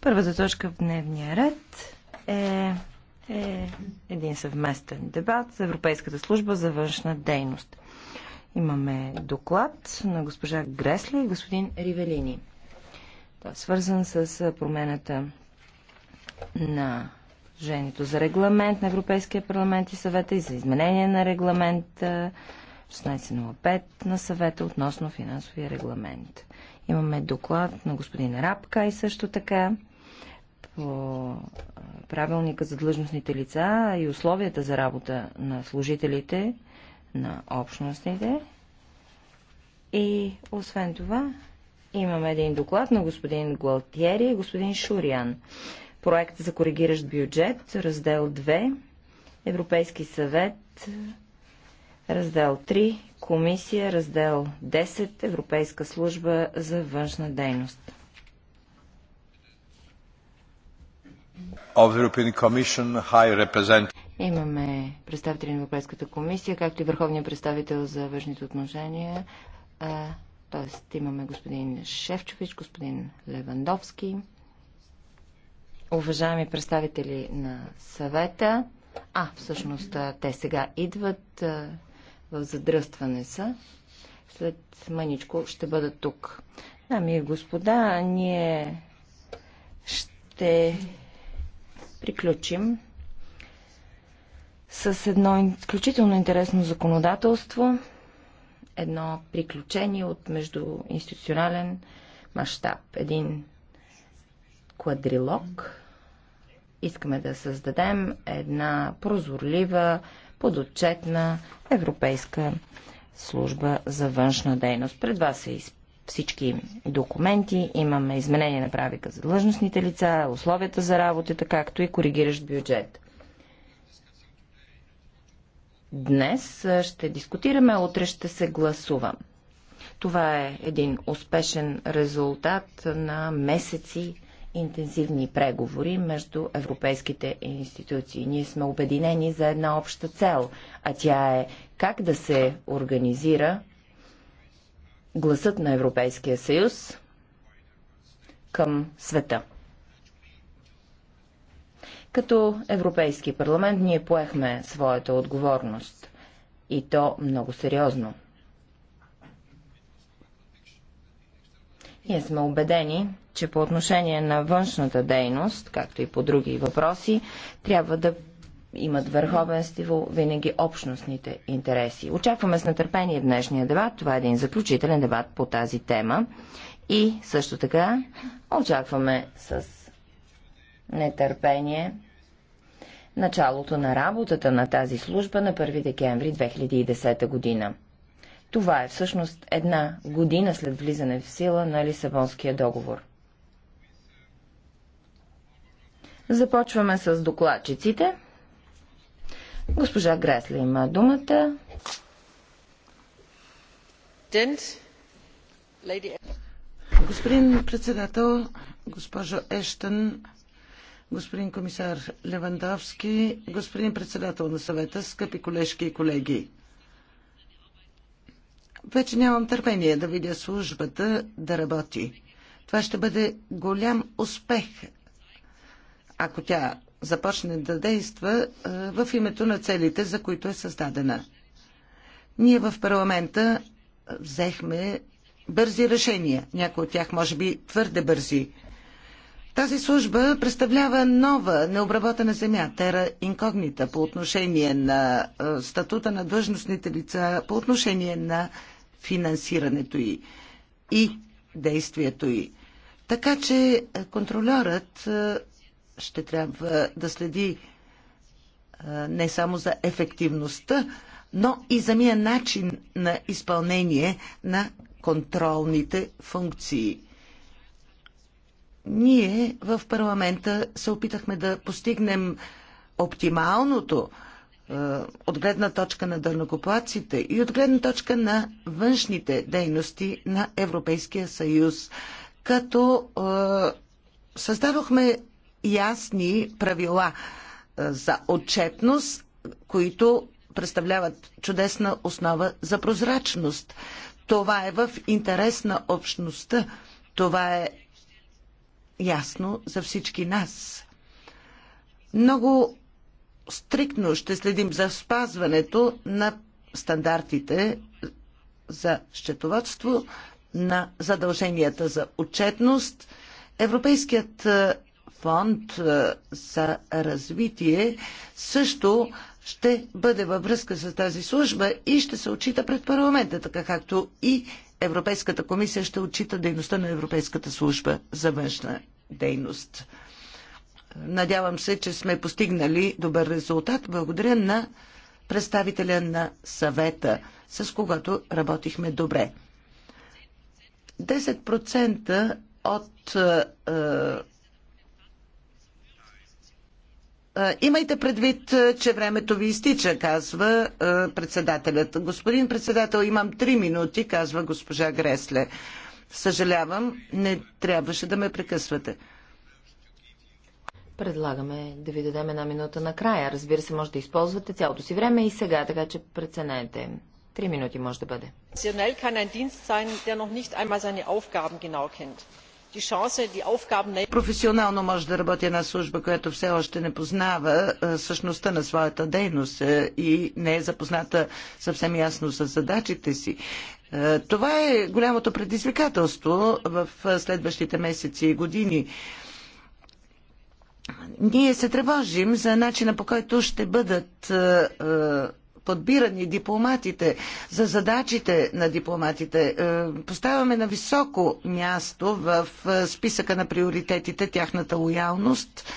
Първата точка в дневния ред е, е един съвместен дебат за Европейската служба за външна дейност. Имаме доклад на госпожа Гресли и господин Ривелини. Той е свързан с промената на Женето за регламент на Европейския парламент и съвета и за изменение на регламент 1605 на съвета относно финансовия регламент. Имаме доклад на господин Рапка и също така по правилника за длъжностните лица и условията за работа на служителите на общностните. И освен това, имаме един доклад на господин Гуалтиери и господин Шуриан. Проект за коригиращ бюджет, раздел 2, Европейски съвет, раздел 3, комисия, раздел 10, Европейска служба за външна дейност. Имаме представители на Европейската комисия, както и върховния представител за външните отношения. Тоест имаме господин Шевчович, господин Левандовски, уважаеми представители на съвета. А, всъщност те сега идват, в задръстване са. След мъничко ще бъдат тук. Дами и господа, ние ще приключим с едно изключително интересно законодателство, едно приключение от междуинституционален мащаб, един квадрилог. Искаме да създадем една прозорлива, подотчетна европейска служба за външна дейност. Пред вас е изпълнена всички документи, имаме изменение на правика за длъжностните лица, условията за работата, както и коригиращ бюджет. Днес ще дискутираме, утре ще се гласува. Това е един успешен резултат на месеци интензивни преговори между европейските институции. Ние сме обединени за една обща цел, а тя е как да се организира гласът на Европейския съюз към света. Като Европейски парламент ние поехме своята отговорност и то много сериозно. Ние сме убедени, че по отношение на външната дейност, както и по други въпроси, трябва да имат върховенство винаги общностните интереси. Очакваме с нетърпение днешния дебат. Това е един заключителен дебат по тази тема. И също така очакваме с нетърпение началото на работата на тази служба на 1 декември 2010 година. Това е всъщност една година след влизане в сила на Лисабонския договор. Започваме с докладчиците. Госпожа Гресли има думата. Господин председател, госпожо Ештън, господин комисар Левандовски, господин председател на съвета, скъпи колежки и колеги. Вече нямам търпение да видя службата да работи. Това ще бъде голям успех, ако тя започне да действа е, в името на целите, за които е създадена. Ние в парламента взехме бързи решения, някои от тях може би твърде бързи. Тази служба представлява нова, необработена земя, тера инкогнита по отношение на е, статута на длъжностните лица, по отношение на финансирането й и действието й. Така че е, контролерът ще трябва да следи не само за ефективността, но и за мия начин на изпълнение на контролните функции. Ние в парламента се опитахме да постигнем оптималното от гледна точка на дърнокоплаците и от гледна точка на външните дейности на Европейския съюз, като създадохме ясни правила е, за отчетност, които представляват чудесна основа за прозрачност. Това е в интерес на общността. Това е ясно за всички нас. Много стриктно ще следим за спазването на стандартите за счетоводство, на задълженията за отчетност. Европейският е, фонд е, за развитие също ще бъде във връзка с тази служба и ще се отчита пред парламента, така както и Европейската комисия ще отчита дейността на Европейската служба за външна дейност. Надявам се, че сме постигнали добър резултат. Благодаря на представителя на съвета, с когато работихме добре. 10% от е, Имайте предвид, че времето ви изтича, казва председателят. Господин председател, имам три минути, казва госпожа Гресле. Съжалявам, не трябваше да ме прекъсвате. Предлагаме да ви дадем една минута на края. Разбира се, може да използвате цялото си време и сега, така че преценете. Три минути може да бъде. Професионално може да работи една служба, която все още не познава същността на своята дейност и не е запозната съвсем ясно с задачите си. Това е голямото предизвикателство в следващите месеци и години. Ние се тревожим за начина по който ще бъдат подбирани дипломатите, за задачите на дипломатите. Е, поставяме на високо място в е, списъка на приоритетите тяхната лоялност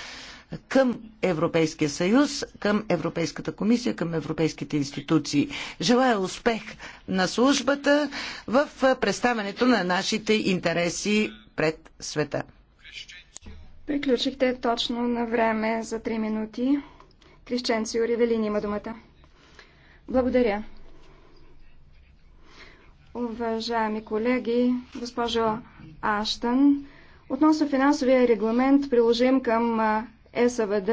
към Европейския съюз, към Европейската комисия, към европейските институции. Желая успех на службата в е, представянето на нашите интереси пред света. Приключихте точно на време за 3 минути. Крещенци Ривелин има думата. Благодаря. Уважаеми колеги, госпожо Аштън, относно финансовия регламент, приложим към ЕСВД,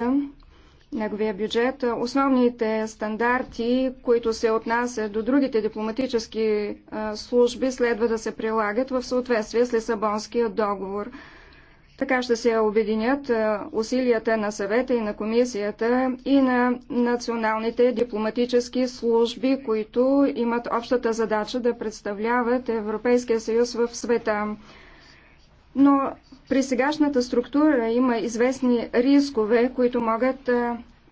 неговия бюджет, основните стандарти, които се отнасят до другите дипломатически служби, следва да се прилагат в съответствие с Лисабонския договор. Така ще се обединят усилията на съвета и на комисията и на националните дипломатически служби, които имат общата задача да представляват Европейския съюз в света. Но при сегашната структура има известни рискове, които могат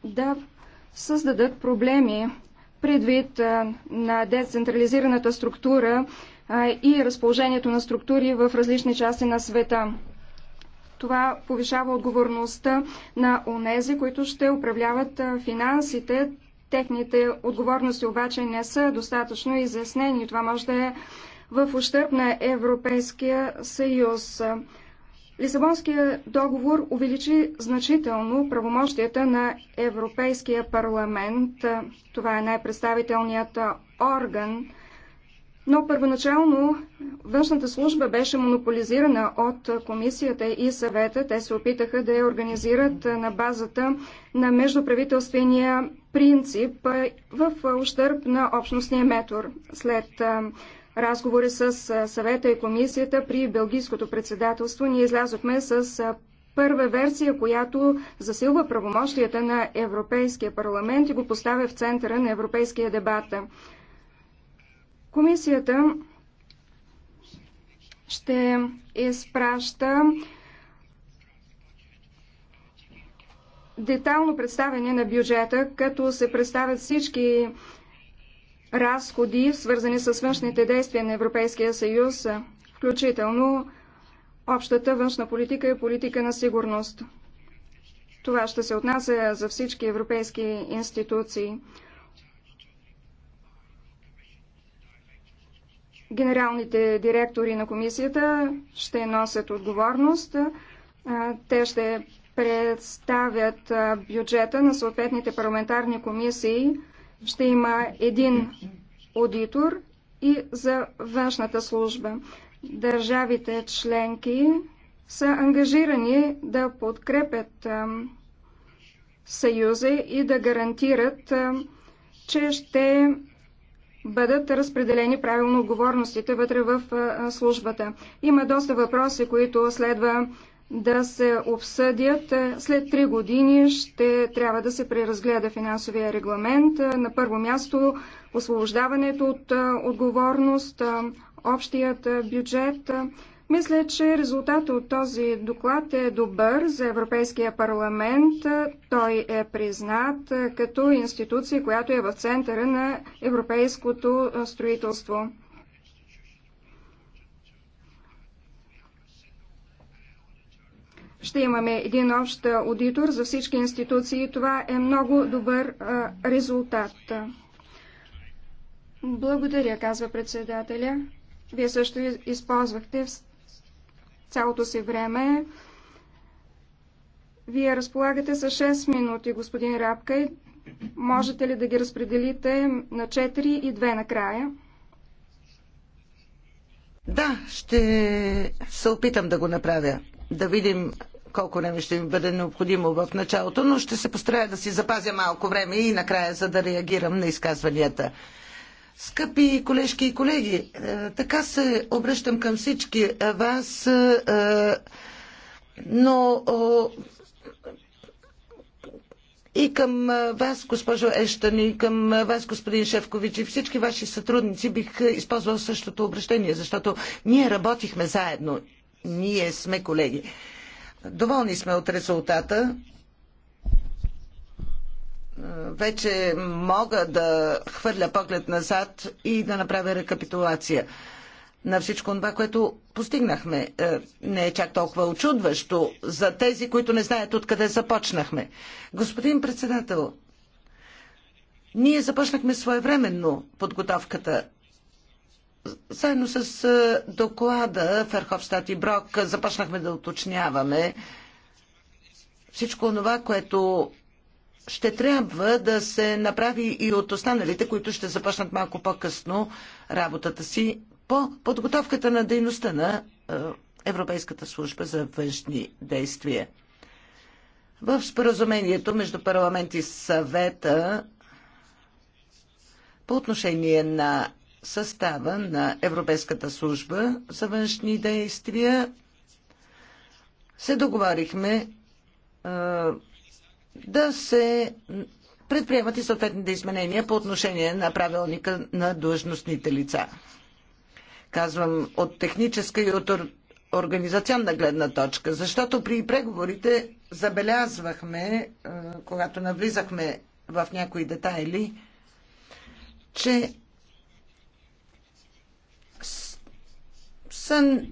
да създадат проблеми предвид на децентрализираната структура и разположението на структури в различни части на света. Това повишава отговорността на онези, които ще управляват финансите. Техните отговорности обаче не са достатъчно изяснени. Това може да е в ущърп на Европейския съюз. Лисабонския договор увеличи значително правомощията на Европейския парламент. Това е най-представителният орган но първоначално външната служба беше монополизирана от комисията и съвета. Те се опитаха да я организират на базата на междуправителствения принцип в ущърп на общностния метор. След разговори с съвета и комисията при Белгийското председателство ние излязохме с първа версия, която засилва правомощията на Европейския парламент и го поставя в центъра на европейския дебат. Комисията ще изпраща детално представяне на бюджета, като се представят всички разходи, свързани с външните действия на Европейския съюз, включително общата външна политика и политика на сигурност. Това ще се отнася за всички европейски институции. генералните директори на комисията ще носят отговорност. Те ще представят бюджета на съответните парламентарни комисии. Ще има един аудитор и за външната служба. Държавите членки са ангажирани да подкрепят Съюза и да гарантират, че ще бъдат разпределени правилно отговорностите вътре в службата. Има доста въпроси, които следва да се обсъдят. След три години ще трябва да се преразгледа финансовия регламент. На първо място освобождаването от отговорност, общият бюджет, мисля, че резултатът от този доклад е добър за Европейския парламент. Той е признат като институция, която е в центъра на европейското строителство. Ще имаме един общ аудитор за всички институции. Това е много добър резултат. Благодаря, казва председателя. Вие също използвахте цялото си време. Вие разполагате с 6 минути, господин Рапка. Можете ли да ги разпределите на 4 и 2 накрая? Да, ще се опитам да го направя. Да видим колко време ще ми бъде необходимо в началото, но ще се постарая да си запазя малко време и накрая, за да реагирам на изказванията. Скъпи колежки и колеги, е, така се обръщам към всички вас, е, но и към вас, госпожо Ещан, и към вас, господин Шевкович, и всички ваши сътрудници бих използвал същото обращение, защото ние работихме заедно. Ние сме колеги. Доволни сме от резултата вече мога да хвърля поглед назад и да направя рекапитулация на всичко това, което постигнахме. Е, не е чак толкова очудващо за тези, които не знаят откъде започнахме. Господин председател, ние започнахме своевременно подготовката заедно с е, доклада Ферховстат и Брок започнахме да уточняваме всичко това, което ще трябва да се направи и от останалите, които ще започнат малко по-късно работата си по подготовката на дейността на е, Европейската служба за външни действия. В споразумението между парламент и съвета по отношение на състава на Европейската служба за външни действия се договорихме е, да се предприемат и съответните изменения по отношение на правилника на длъжностните лица. Казвам от техническа и от организационна гледна точка, защото при преговорите забелязвахме, е, когато навлизахме в някои детайли, че са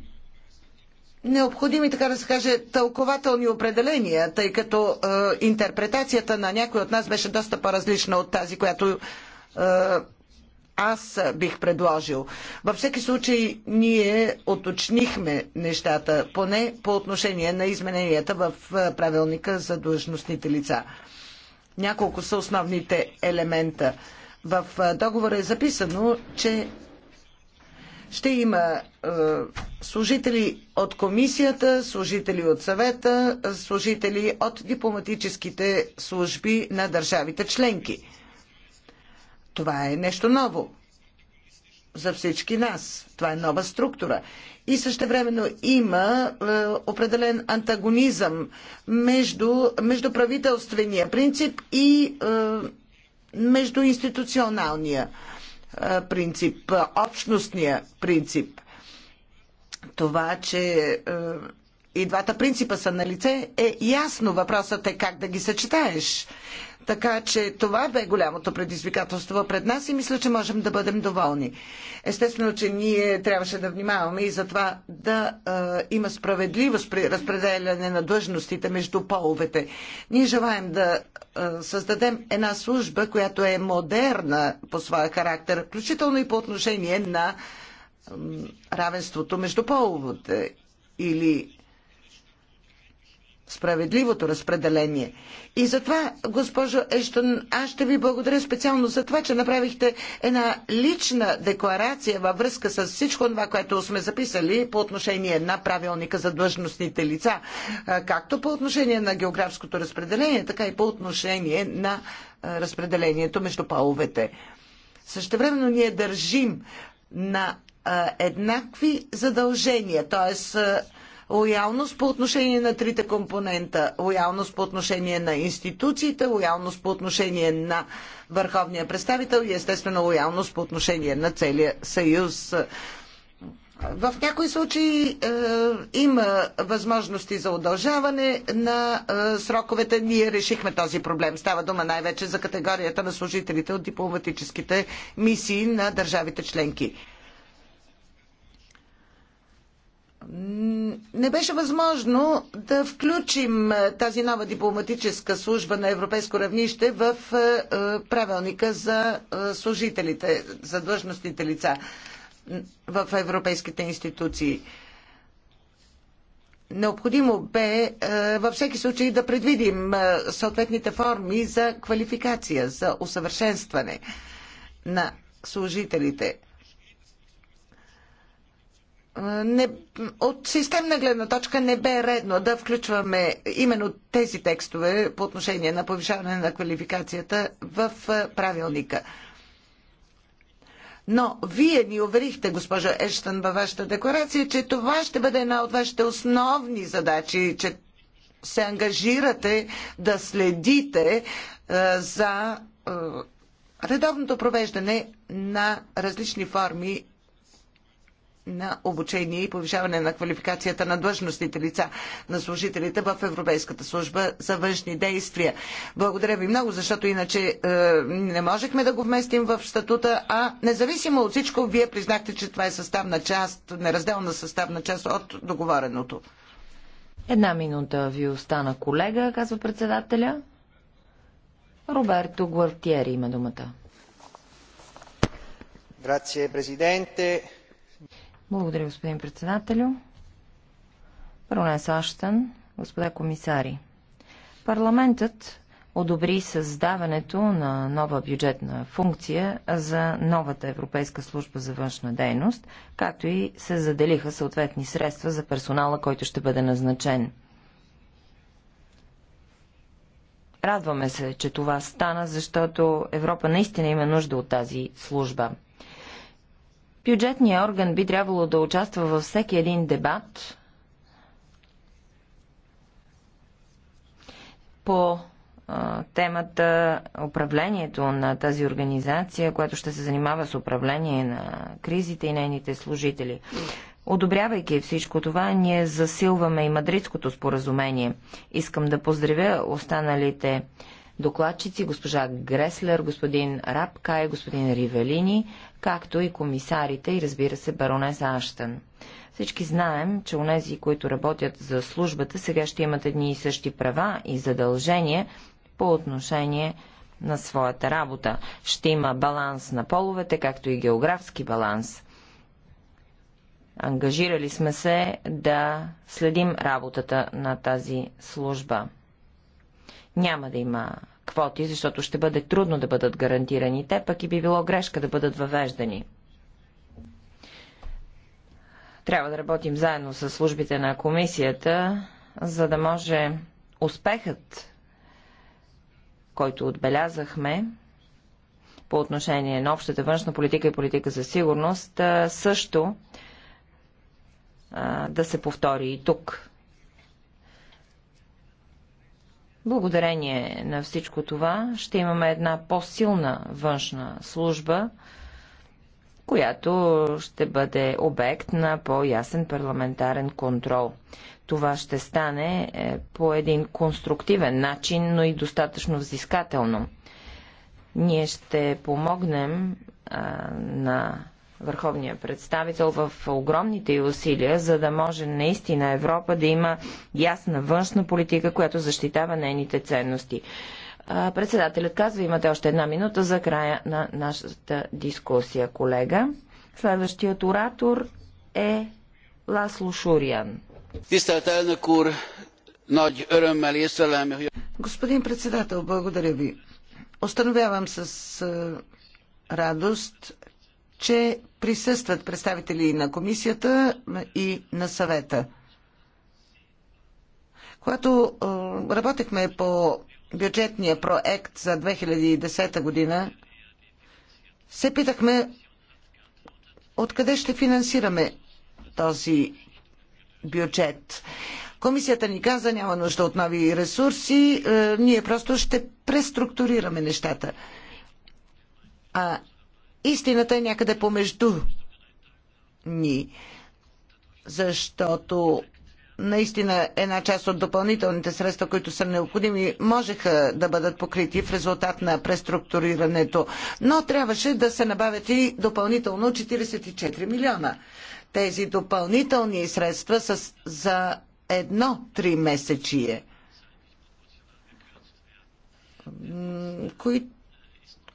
необходими, така да се каже, тълкователни определения, тъй като е, интерпретацията на някой от нас беше доста по-различна от тази, която е, аз бих предложил. Във всеки случай ние оточнихме нещата, поне по отношение на измененията в е, правилника за длъжностните лица. Няколко са основните елемента. В е, договора е записано, че ще има е, служители от комисията, служители от съвета, служители от дипломатическите служби на държавите членки. Това е нещо ново за всички нас. Това е нова структура. И същевременно има е, определен антагонизъм между, между правителствения принцип и е, между институционалния принцип, общностния принцип. Това, че и двата принципа са на лице, е ясно. Въпросът е как да ги съчетаеш. Така че това бе голямото предизвикателство пред нас и мисля, че можем да бъдем доволни. Естествено, че ние трябваше да внимаваме и за това да а, има справедливост при разпределяне на длъжностите между половете. Ние желаем да а, създадем една служба, която е модерна по своя характер, включително и по отношение на а, равенството между половете или справедливото разпределение. И затова, госпожо Ештон, аз ще ви благодаря специално за това, че направихте една лична декларация във връзка с всичко това, което сме записали по отношение на правилника за длъжностните лица, както по отношение на географското разпределение, така и по отношение на разпределението между половете. времено ние държим на еднакви задължения, т.е лоялност по отношение на трите компонента. Лоялност по отношение на институциите, лоялност по отношение на върховния представител и естествено лоялност по отношение на целия съюз. В някои случаи е, има възможности за удължаване на е, сроковете. Ние решихме този проблем. Става дума най-вече за категорията на служителите от дипломатическите мисии на държавите членки. не беше възможно да включим е, тази нова дипломатическа служба на европейско равнище в е, е, правилника за служителите, за длъжностните лица в европейските институции. Необходимо бе във всеки случай да предвидим съответните форми за квалификация, за усъвършенстване на служителите не, от системна гледна точка не бе редно да включваме именно тези текстове по отношение на повишаване на квалификацията в правилника. Но вие ни уверихте, госпожо Ештън, във вашата декларация, че това ще бъде една от вашите основни задачи, че се ангажирате да следите е, за е, редовното провеждане на различни форми на обучение и повишаване на квалификацията на длъжностните лица, на служителите в Европейската служба за външни действия. Благодаря ви много, защото иначе е, не можехме да го вместим в статута, а независимо от всичко, вие признахте, че това е съставна част, неразделна съставна част от договореното. Една минута ви остана колега, казва председателя. Роберто Гуартиери има думата. Грация, президенте. Благодаря, господин председателю. Баронес Аштън, господа комисари. Парламентът одобри създаването на нова бюджетна функция за новата Европейска служба за външна дейност, както и се заделиха съответни средства за персонала, който ще бъде назначен. Радваме се, че това стана, защото Европа наистина има нужда от тази служба – Бюджетният орган би трябвало да участва във всеки един дебат по темата управлението на тази организация, която ще се занимава с управление на кризите и нейните служители. Одобрявайки всичко това, ние засилваме и Мадридското споразумение. Искам да поздравя останалите докладчици, госпожа Греслер, господин Рапкай, господин Ривелини, както и комисарите и разбира се баронеса Аштън. Всички знаем, че нези, които работят за службата, сега ще имат едни и същи права и задължения по отношение на своята работа. Ще има баланс на половете, както и географски баланс. Ангажирали сме се да следим работата на тази служба. Няма да има квоти, защото ще бъде трудно да бъдат гарантирани те, пък и би било грешка да бъдат въвеждани. Трябва да работим заедно с службите на комисията, за да може успехът, който отбелязахме по отношение на общата външна политика и политика за сигурност, също да се повтори и тук. Благодарение на всичко това ще имаме една по-силна външна служба, която ще бъде обект на по-ясен парламентарен контрол. Това ще стане е, по един конструктивен начин, но и достатъчно взискателно. Ние ще помогнем а, на върховния представител в огромните й усилия, за да може наистина Европа да има ясна външна политика, която защитава нейните ценности. Председателят казва, имате още една минута за края на нашата дискусия, колега. Следващият оратор е Ласло Шуриан. Господин председател, благодаря ви. Остановявам с радост, че присъстват представители на комисията и на съвета. Когато работехме по бюджетния проект за 2010 година, се питахме откъде ще финансираме този бюджет. Комисията ни каза, няма нужда от нови ресурси, ние просто ще преструктурираме нещата. А истината е някъде помежду ни, защото наистина една част от допълнителните средства, които са необходими, можеха да бъдат покрити в резултат на преструктурирането. Но трябваше да се набавят и допълнително 44 милиона. Тези допълнителни средства са за едно три месечие, които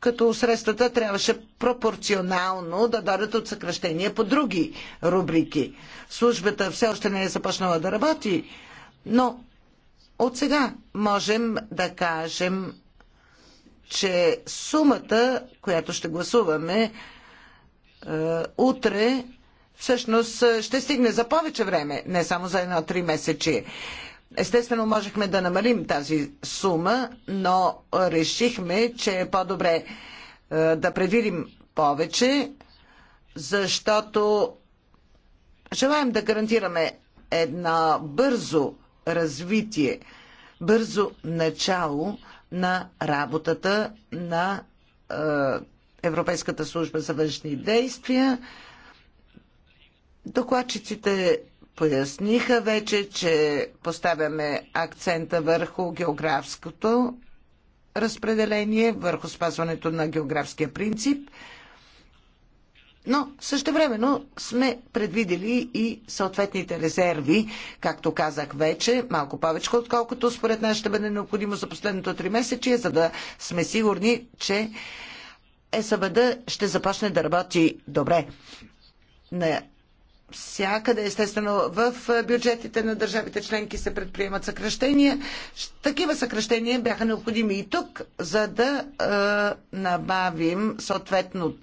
като средствата трябваше пропорционално да дойдат от съкръщения по други рубрики. Службата все още не е започнала да работи, но от сега можем да кажем, че сумата, която ще гласуваме е, утре, всъщност ще стигне за повече време, не само за едно три месече. Естествено, можехме да намалим тази сума, но решихме, че е по-добре е, да предвидим повече, защото желаем да гарантираме едно бързо развитие, бързо начало на работата на е, Европейската служба за външни действия. Докладчиците поясниха вече, че поставяме акцента върху географското разпределение, върху спазването на географския принцип, но същевременно сме предвидели и съответните резерви, както казах вече, малко повече, отколкото според нас ще бъде необходимо за последното три месече, за да сме сигурни, че СВД ще започне да работи добре. На Всякъде, естествено, в бюджетите на държавите членки се предприемат съкръщения. Такива съкръщения бяха необходими и тук, за да е, набавим съответно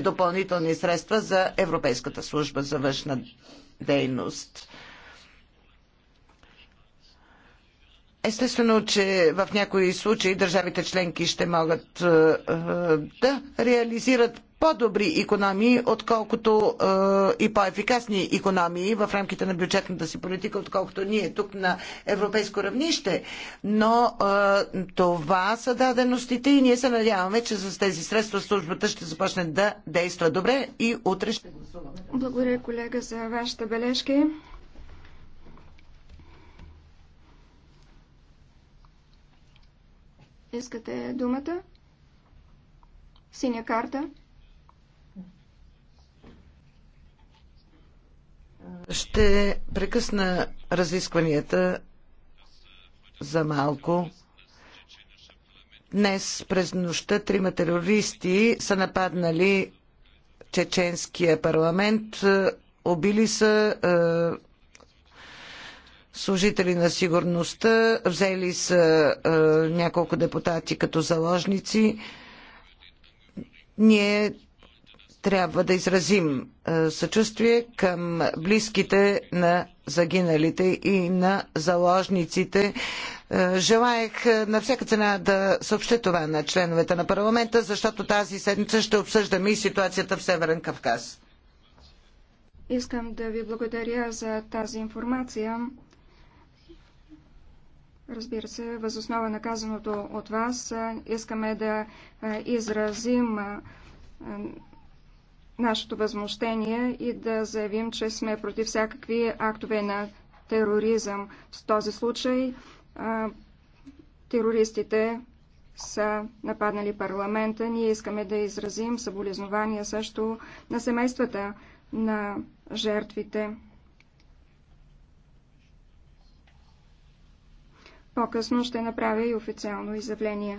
допълнителни средства за Европейската служба за външна дейност. Естествено, че в някои случаи държавите членки ще могат е, е, да реализират по-добри економии, отколкото е, и по-ефикасни економии в рамките на бюджетната си политика, отколкото ние тук на европейско равнище. Но това са даденостите и ние се надяваме, че с тези средства службата ще започне да действа добре и утре ще гласуваме. Благодаря, колега, за вашите бележки. Искате думата? Синя карта? Ще прекъсна разискванията за малко. Днес през нощта трима терористи са нападнали чеченския парламент. Обили са е, служители на сигурността, взели са а, е, няколко депутати като заложници. Ние трябва да изразим а, е, съчувствие към близките на загиналите и на заложниците. Е, желаех е, на всяка цена да съобща това на членовете на парламента, защото тази седмица ще обсъждаме и ситуацията в Северен Кавказ. Искам да ви благодаря за тази информация. Разбира се, възоснова на казаното от вас, искаме да изразим нашето възмущение и да заявим, че сме против всякакви актове на тероризъм. В този случай терористите са нападнали парламента. Ние искаме да изразим съболезнования също на семействата на жертвите. По-късно ще направя и официално изявление.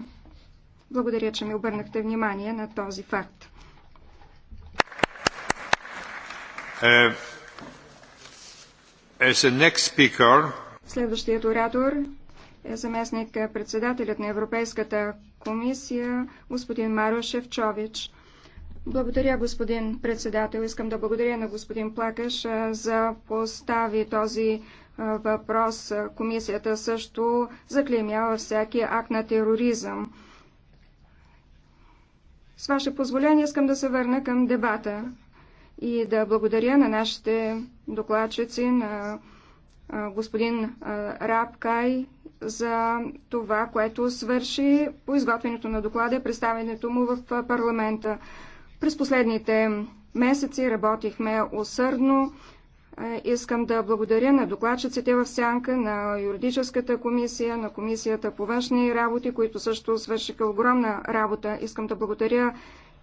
Благодаря, че ми обърнахте внимание на този факт. Uh, speaker... Следващият оратор е заместник председателят на Европейската комисия, господин Марио Шевчович. Благодаря, господин председател. Искам да благодаря на господин Плакаш за постави този въпрос. Комисията също заклеймява всяки акт на тероризъм. С ваше позволение искам да се върна към дебата и да благодаря на нашите докладчици, на господин Рабкай за това, което свърши по изготвянето на доклада и представянето му в парламента. През последните месеци работихме усърдно, Искам да благодаря на докладчиците в сянка, на юридическата комисия, на комисията по външни работи, които също свършиха огромна работа. Искам да благодаря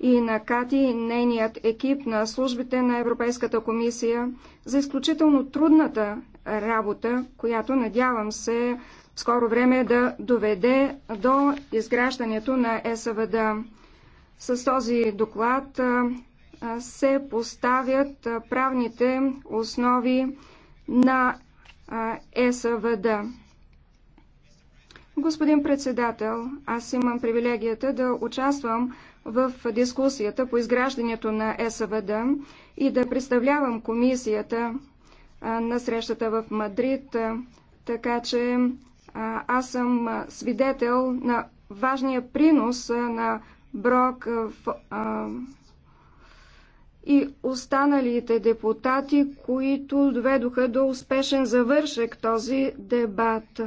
и на Кати, и нейният екип на службите на Европейската комисия за изключително трудната работа, която надявам се в скоро време е да доведе до изграждането на СВД. С този доклад се поставят правните основи на ЕСВД. Господин председател, аз имам привилегията да участвам в дискусията по изграждането на ЕСВД и да представлявам комисията на срещата в Мадрид, така че аз съм свидетел на важния принос на Брок в и останалите депутати, които доведоха до успешен завършек този дебат.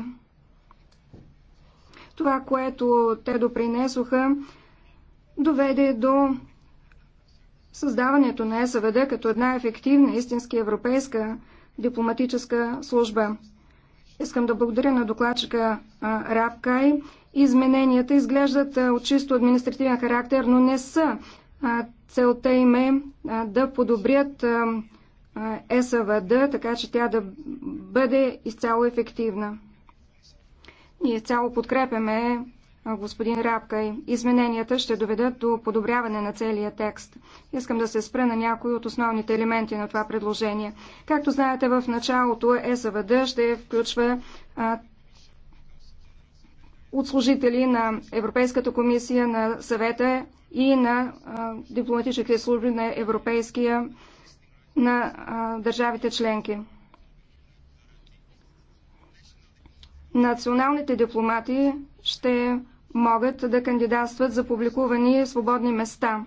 Това, което те допринесоха, доведе до създаването на СВД като една ефективна, истински европейска дипломатическа служба. Искам да благодаря на докладчика Рабкай. Измененията изглеждат от чисто административен характер, но не са. Целта им е да подобрят СВД, така че тя да бъде изцяло ефективна. Ние цяло подкрепяме господин и Измененията ще доведат до подобряване на целия текст. Искам да се спра на някои от основните елементи на това предложение. Както знаете, в началото СВД ще включва от служители на Европейската комисия, на съвета и на дипломатическите служби на Европейския на държавите членки. Националните дипломати ще могат да кандидатстват за публикувани свободни места.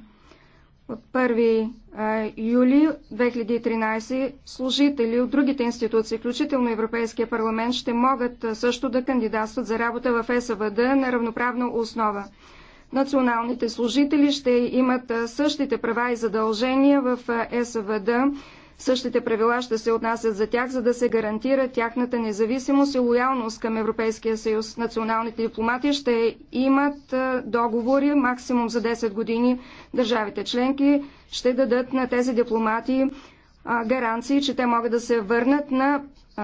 От 1 юли 2013 служители от другите институции, включително Европейския парламент, ще могат също да кандидатстват за работа в е СВД на равноправна основа. Националните служители ще имат същите права и задължения в СВД. Същите правила ще се отнасят за тях, за да се гарантира тяхната независимост и лоялност към Европейския съюз. Националните дипломати ще имат договори максимум за 10 години. Държавите членки ще дадат на тези дипломати гаранции, че те могат да се върнат на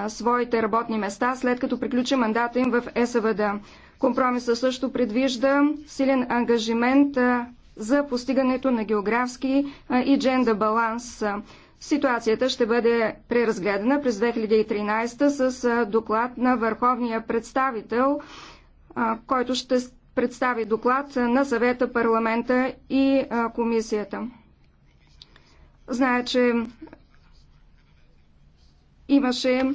своите работни места, след като приключи мандата им в СВД. Компромисът също предвижда силен ангажимент за постигането на географски и дженда баланс. Ситуацията ще бъде преразгледана през 2013 с доклад на върховния представител, който ще представи доклад на съвета, парламента и комисията. Зная, че имаше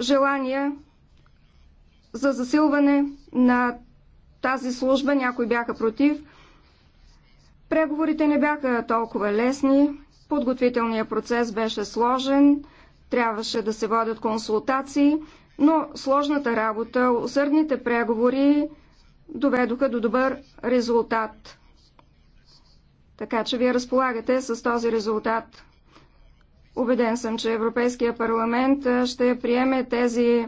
желание за засилване на тази служба. Някои бяха против. Преговорите не бяха толкова лесни. Подготвителният процес беше сложен. Трябваше да се водят консултации, но сложната работа, усърдните преговори доведоха до добър резултат. Така че вие разполагате с този резултат. Убеден съм, че Европейския парламент ще приеме тези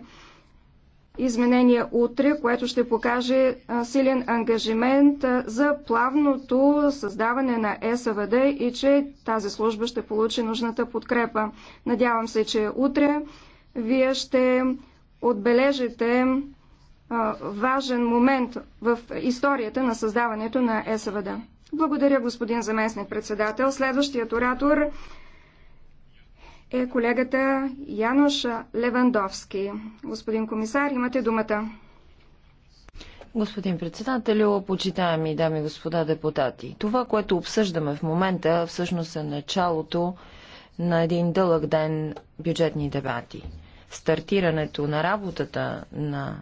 изменение утре, което ще покаже силен ангажимент за плавното създаване на СВД и че тази служба ще получи нужната подкрепа. Надявам се, че утре вие ще отбележите важен момент в историята на създаването на СВД. Благодаря, господин заместник председател. Следващият оратор е колегата Януш Левандовски. Господин комисар, имате думата. Господин председател, почитаеми дами и господа депутати, това, което обсъждаме в момента, всъщност е началото на един дълъг ден бюджетни дебати. Стартирането на работата на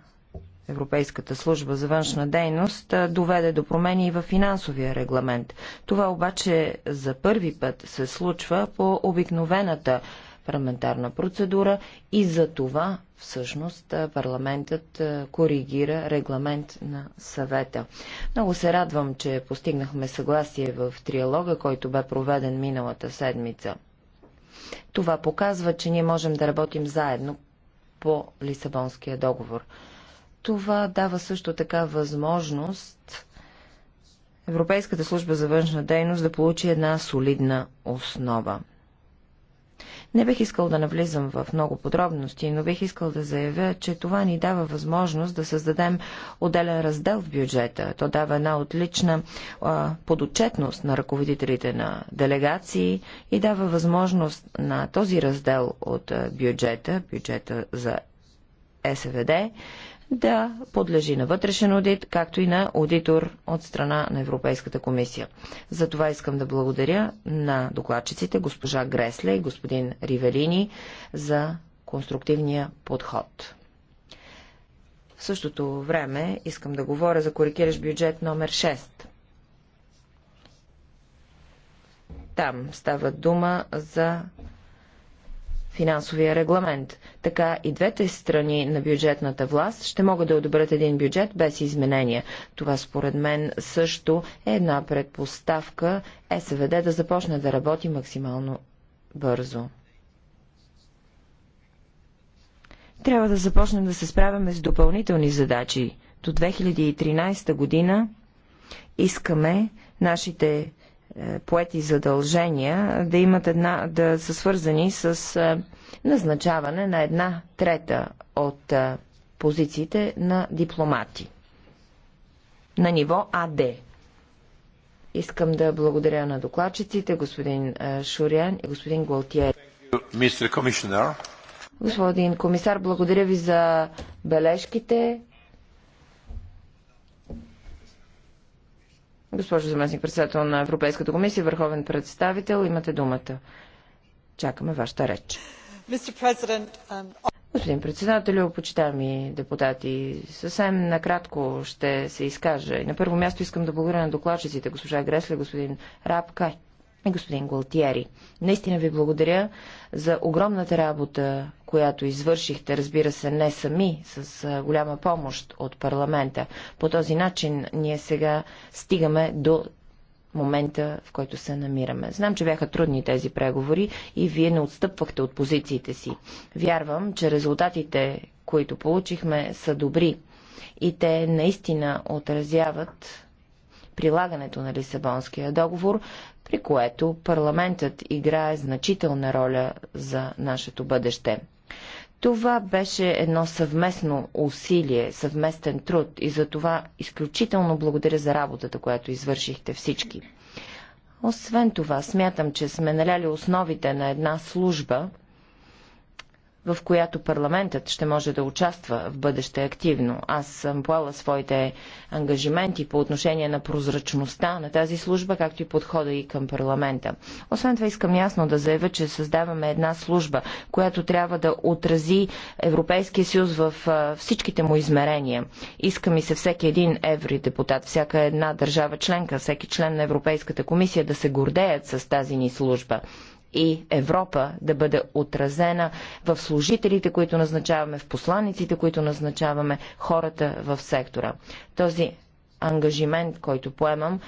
Европейската служба за външна дейност доведе до промени и в финансовия регламент. Това обаче за първи път се случва по обикновената парламентарна процедура и за това всъщност парламентът коригира регламент на съвета. Много се радвам, че постигнахме съгласие в триалога, който бе проведен миналата седмица. Това показва, че ние можем да работим заедно по Лисабонския договор. Това дава също така възможност Европейската служба за външна дейност да получи една солидна основа. Не бих искал да навлизам в много подробности, но бих искал да заявя, че това ни дава възможност да създадем отделен раздел в бюджета. То дава една отлична а, подотчетност на ръководителите на делегации и дава възможност на този раздел от бюджета, бюджета за СВД, да подлежи на вътрешен аудит, както и на аудитор от страна на Европейската комисия. За това искам да благодаря на докладчиците госпожа Гресле и господин Ривелини за конструктивния подход. В същото време искам да говоря за корекираш бюджет номер 6. Там става дума за финансовия регламент. Така и двете страни на бюджетната власт ще могат да одобрят един бюджет без изменения. Това според мен също е една предпоставка СВД да започне да работи максимално бързо. Трябва да започнем да се справяме с допълнителни задачи. До 2013 година искаме нашите е, поети задължения да имат една, да са свързани с е, назначаване на една трета от е, позициите на дипломати на ниво АД. Искам да благодаря на докладчиците, господин Шурян и господин Гуалтиер. Господин комисар, благодаря ви за бележките, Госпожо заместник председател на Европейската комисия, върховен представител, имате думата. Чакаме вашата реч. Господин председател, почитаеми депутати, съвсем накратко ще се изкажа. И на първо място искам да благодаря на докладчиците, госпожа Гресле, господин Рапкай и господин Галтиери. Наистина ви благодаря за огромната работа, която извършихте, разбира се, не сами, с голяма помощ от парламента. По този начин ние сега стигаме до момента, в който се намираме. Знам, че бяха трудни тези преговори и вие не отстъпвахте от позициите си. Вярвам, че резултатите, които получихме, са добри и те наистина отразяват прилагането на Лисабонския договор, при което парламентът играе значителна роля за нашето бъдеще. Това беше едно съвместно усилие, съвместен труд и за това изключително благодаря за работата, която извършихте всички. Освен това, смятам, че сме наляли основите на една служба, в която парламентът ще може да участва в бъдеще активно. Аз съм поела своите ангажименти по отношение на прозрачността на тази служба, както и подхода и към парламента. Освен това искам ясно да заявя, че създаваме една служба, която трябва да отрази Европейския съюз в всичките му измерения. Искам и се всеки един евро депутат, всяка една държава членка, всеки член на Европейската комисия да се гордеят с тази ни служба и Европа да бъде отразена в служителите, които назначаваме, в посланиците, които назначаваме, хората в сектора. Този ангажимент, който поемам,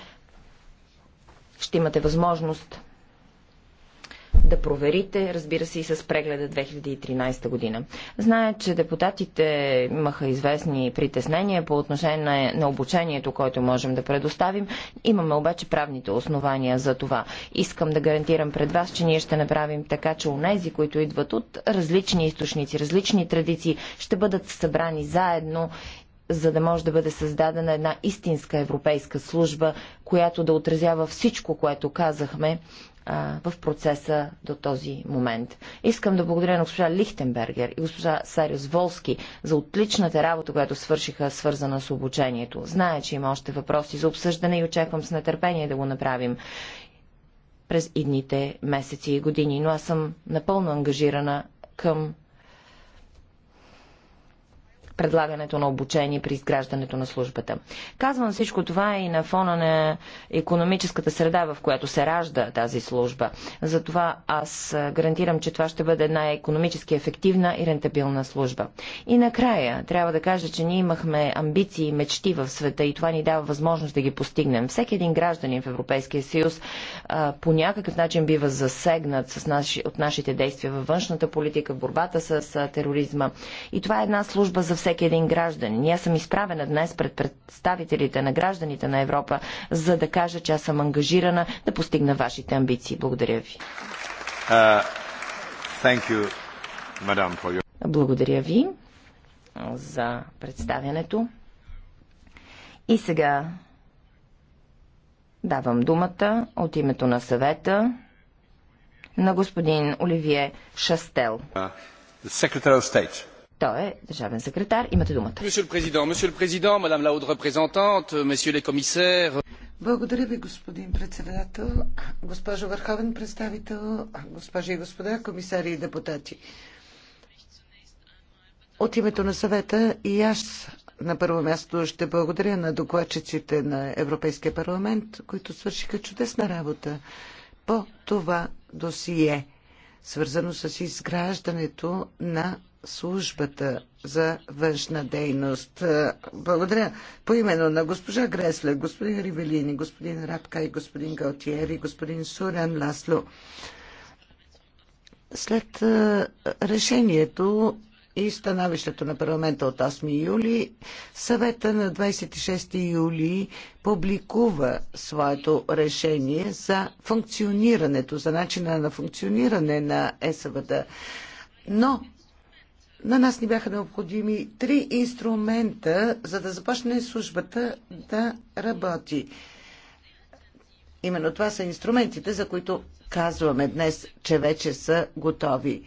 ще имате възможност да проверите, разбира се и с прегледа 2013 година. Зная, че депутатите имаха известни притеснения по отношение на обучението, което можем да предоставим. Имаме обаче правните основания за това. Искам да гарантирам пред вас, че ние ще направим така, че унези, които идват от различни източници, различни традиции, ще бъдат събрани заедно за да може да бъде създадена една истинска европейска служба, която да отразява всичко, което казахме в процеса до този момент. Искам да благодаря на госпожа Лихтенбергер и госпожа Сариус Волски за отличната работа, която свършиха, свързана с обучението. Зная, че има още въпроси за обсъждане и очаквам с нетърпение да го направим през идните месеци и години, но аз съм напълно ангажирана към предлагането на обучение при изграждането на службата. Казвам всичко това и на фона на економическата среда, в която се ражда тази служба. Затова аз гарантирам, че това ще бъде една економически ефективна и рентабилна служба. И накрая трябва да кажа, че ние имахме амбиции и мечти в света и това ни дава възможност да ги постигнем. Всеки един гражданин в Европейския съюз по някакъв начин бива засегнат с наши, от нашите действия във външната политика, в борбата с тероризма. И това е една служба за всеки всеки един гражданин. аз съм изправена днес пред представителите на гражданите на Европа, за да кажа, че аз съм ангажирана да постигна вашите амбиции. Благодаря ви. Uh, you, your... Благодаря ви за представянето. И сега давам думата от името на съвета на господин Оливие Шастел. Uh, той е държавен секретар. Имате думата. Благодаря ви, господин председател, госпожо върховен представител, госпожи и господа, комисари и депутати. От името на съвета и аз на първо място ще благодаря на докладчиците на Европейския парламент, които свършиха чудесна работа по това досие, свързано с изграждането на службата за външна дейност. Е, благодаря по именно на госпожа Гресле, господин Ривелини, господин Рапка и господин Галтиери, господин Сурен Ласло. След е, решението и становището на парламента от 8 юли, съвета на 26 юли публикува своето решение за функционирането, за начина на функциониране на ЕСВД. Но на нас ни бяха необходими три инструмента, за да започне службата да работи. Именно това са инструментите, за които казваме днес, че вече са готови. Е,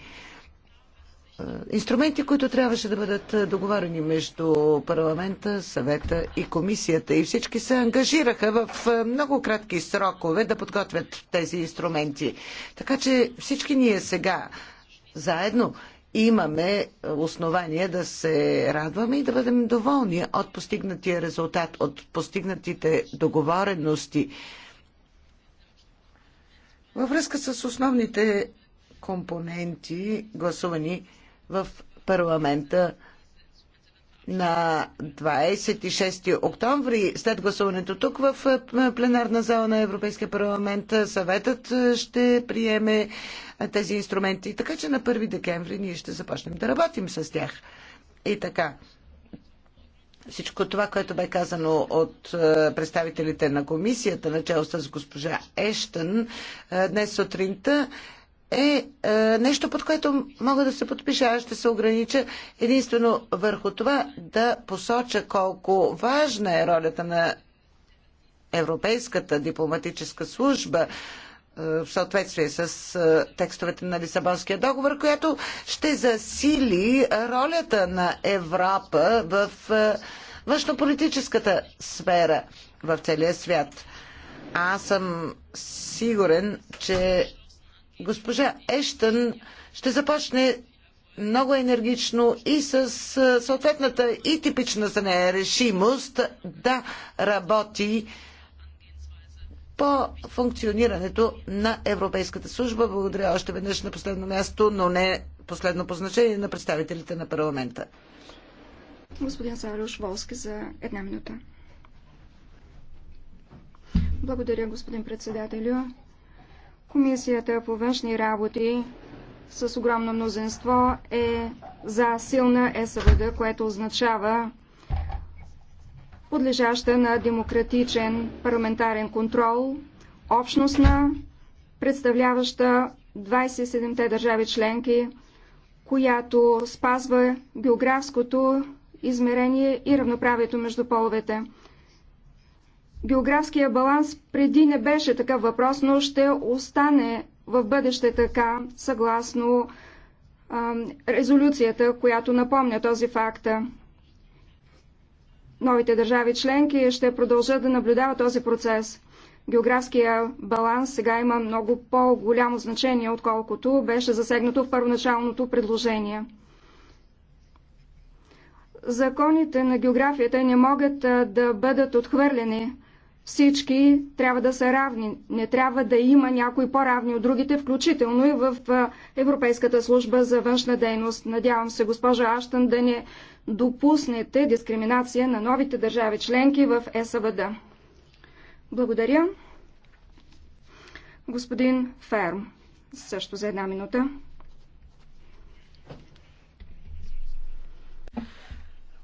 инструменти, които трябваше да бъдат договорени между парламента, съвета и комисията. И всички се ангажираха в е, много кратки срокове да подготвят тези инструменти. Така че всички ние сега заедно имаме основания да се радваме и да бъдем доволни от постигнатия резултат, от постигнатите договорености. Във връзка с основните компоненти, гласувани в парламента, на 26 октомври, след гласуването тук в е, пленарна зала на Европейския парламент, е, съветът е, ще приеме тези инструменти. Така че на 1 декември ние ще започнем да работим с тях. И така. Всичко това, което бе казано от представителите на комисията, начало с госпожа Ештън, днес сутринта е, е нещо, под което мога да се подпиша. Аз ще се огранича единствено върху това да посоча колко важна е ролята на Европейската дипломатическа служба е, в съответствие с е, текстовете на Лисабонския договор, която ще засили ролята на Европа в е, външнополитическата сфера в целия свят. Аз съм сигурен, че Госпожа Ештън ще започне много енергично и с съответната и типична за нея решимост да работи по функционирането на Европейската служба. Благодаря още веднъж на последно място, но не последно по значение на представителите на парламента. Господин Сарош Волски за една минута. Благодаря, господин председателю. Комисията по външни работи с огромно мнозинство е за силна СВД, което означава подлежаща на демократичен парламентарен контрол, общностна, представляваща 27-те държави членки, която спазва географското измерение и равноправието между половете. Географския баланс преди не беше такъв въпрос, но ще остане в бъдеще така, съгласно а, резолюцията, която напомня този факт. Новите държави членки ще продължат да наблюдават този процес. Географския баланс сега има много по-голямо значение, отколкото беше засегнато в първоначалното предложение. Законите на географията не могат да бъдат отхвърлени всички трябва да са равни. Не трябва да има някои по-равни от другите, включително и в Европейската служба за външна дейност. Надявам се, госпожа Аштън, да не допуснете дискриминация на новите държави членки в СВД. Благодаря. Господин Ферм, също за една минута.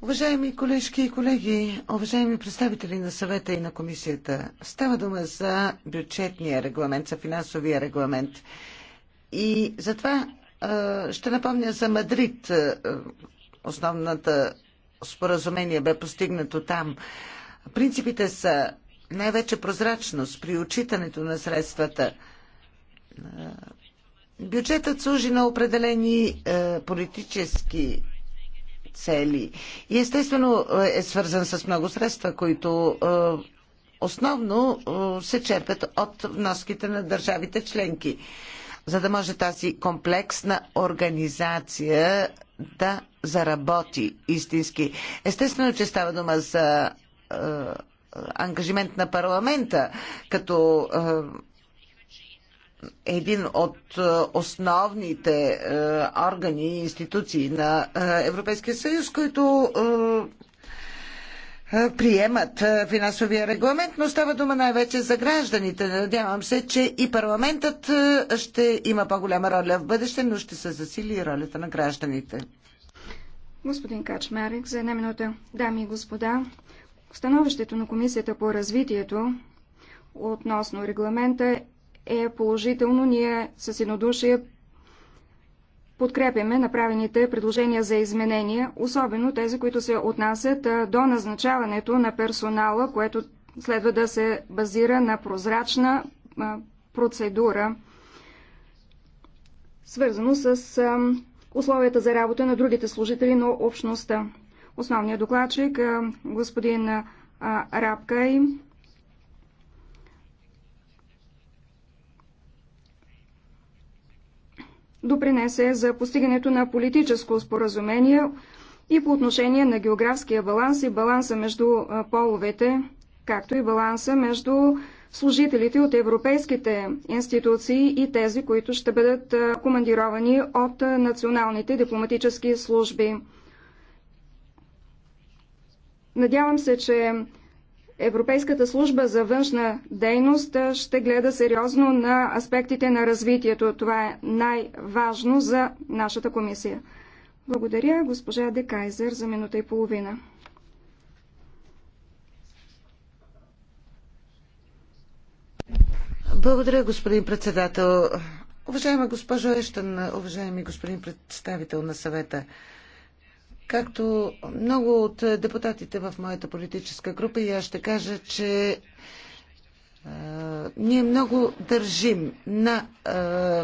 Уважаеми колежки и колеги, уважаеми представители на съвета и на комисията, става дума за бюджетния регламент, за финансовия регламент. И затова ще напомня за Мадрид. Основната споразумение бе постигнато там. Принципите са най-вече прозрачност при отчитането на средствата. Бюджетът служи на определени политически цели. И естествено е, е свързан с много средства, които е, основно е, се черпят от вноските на държавите членки, за да може тази комплексна организация да заработи истински. Естествено, че става дума за ангажимент на парламента като един от е, основните е, органи и институции на е, Европейския съюз, които приемат финансовия регламент, но става дума най-вече за гражданите. Надявам се, че и парламентът ще има по-голяма роля в бъдеще, но ще се засили и ролята на гражданите. Господин Качмарик, за една минута. Дами и господа, становището на Комисията по развитието относно регламента е положително. Ние с единодушие подкрепяме направените предложения за изменения, особено тези, които се отнасят до назначаването на персонала, което следва да се базира на прозрачна процедура, свързано с условията за работа на другите служители на общността. Основният докладчик, господин Рапкай, допринесе за постигането на политическо споразумение и по отношение на географския баланс и баланса между половете, както и баланса между служителите от европейските институции и тези, които ще бъдат командировани от националните дипломатически служби. Надявам се, че Европейската служба за външна дейност ще гледа сериозно на аспектите на развитието. Това е най-важно за нашата комисия. Благодаря госпожа Декайзер за минута и половина. Благодаря, господин председател. Уважаема госпожо Ещен, уважаеми господин представител на съвета, Както много от депутатите в моята политическа група, и аз ще кажа, че а, ние много държим на а,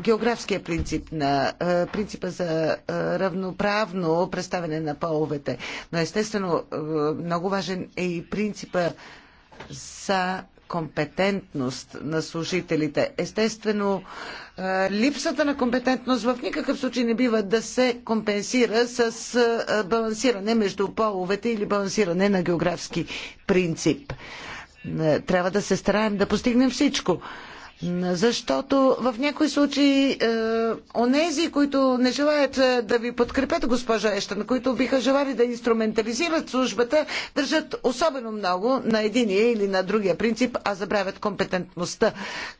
географския принцип, на а, принципа за а, равноправно представяне на половете. Но естествено, а, много важен е и принципа за компетентност на служителите. Естествено, е, липсата на компетентност в никакъв случай не бива да се компенсира с е, балансиране между половете или балансиране на географски принцип. Е, трябва да се стараем да постигнем всичко. Защото в някои случаи е, онези, които не желаят е, да ви подкрепят, госпожа Ещан, които биха желали да инструментализират службата, държат особено много на единия или на другия принцип, а забравят компетентността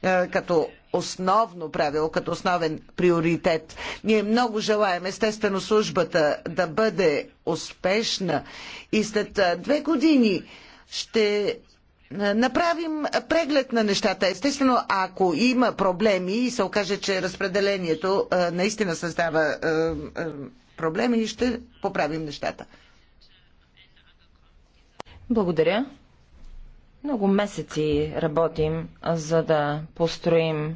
е, като основно правило, като основен приоритет. Ние много желаем, естествено, службата да бъде успешна и след е, две години ще направим преглед на нещата. Естествено, ако има проблеми и се окаже, че разпределението наистина създава проблеми, ще поправим нещата. Благодаря. Много месеци работим, за да построим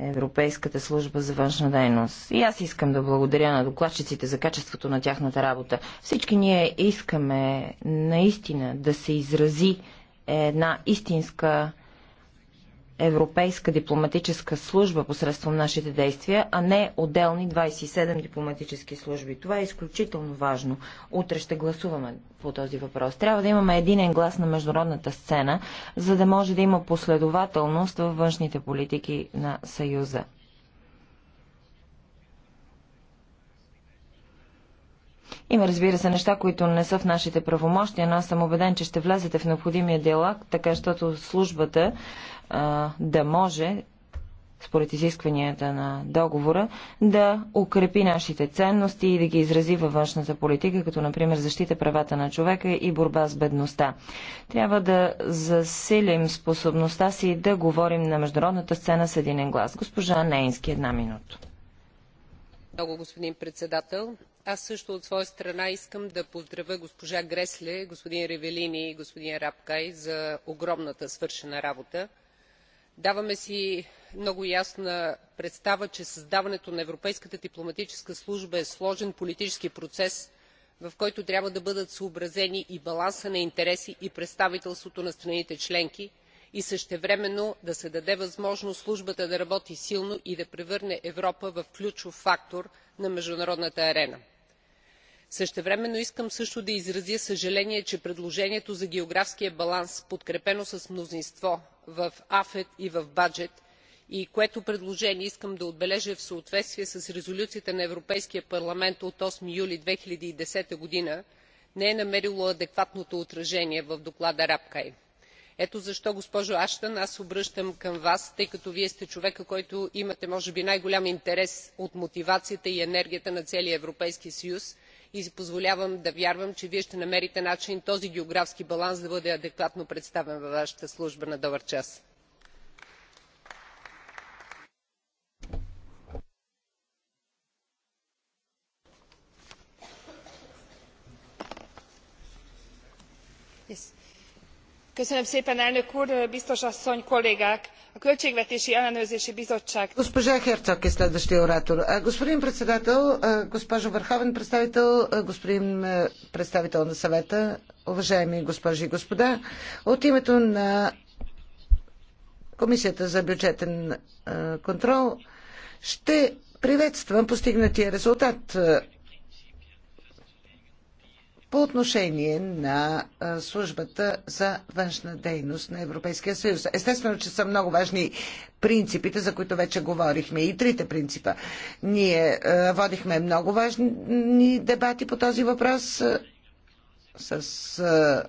Европейската служба за външна дейност. И аз искам да благодаря на докладчиците за качеството на тяхната работа. Всички ние искаме наистина да се изрази една истинска европейска дипломатическа служба посредством нашите действия, а не отделни 27 дипломатически служби. Това е изключително важно. Утре ще гласуваме по този въпрос. Трябва да имаме единен глас на международната сцена, за да може да има последователност във външните политики на Съюза. Има, разбира се, неща, които не са в нашите правомощия, но аз съм убеден, че ще влезете в необходимия диалог, така защото службата а, да може според изискванията на договора, да укрепи нашите ценности и да ги изрази във външната политика, като например защита правата на човека и борба с бедността. Трябва да засилим способността си да говорим на международната сцена с един глас. Госпожа Нейнски, една минута. Много, господин председател аз също от своя страна искам да поздравя госпожа гресле господин Ревелини и господин рапкай за огромната свършена работа. даваме си много ясна представа че създаването на европейската дипломатическа служба е сложен политически процес в който трябва да бъдат съобразени и балансът на интереси и представителството на страните членки и същевременно да се даде възможност службата да работи силно и да превърне европа в ключов фактор на международната арена същевременно искам също да изразя съжаление че предложението за географския баланс подкрепено с мнозинство в афет и в Баджет, и което предложение искам да отбележа е в съответствие с резолюцията на европейския парламент от осем юли две хиляди и десета година не е намерило адекватното отражение в доклада рапкай. ето защо госпожо аштън аз се обръщам към вас тъй като вие сте човекът който имате, може би най голям интерес от мотивацията и енергията на целия европейски съюз и си позволявам да вярвам че вие ще намерите начин този географски баланс да бъде адекватно представен във вашата служба. на добър час! Госпожа Херцог е следващия Господин председател, госпожо върховен представител, господин представител на съвета, уважаеми госпожи и господа, от името на Комисията за бюджетен контрол ще приветствам постигнатия резултат по отношение на службата за външна дейност на Европейския съюз. Естествено, че са много важни принципите, за които вече говорихме. И трите принципа. Ние водихме много важни дебати по този въпрос с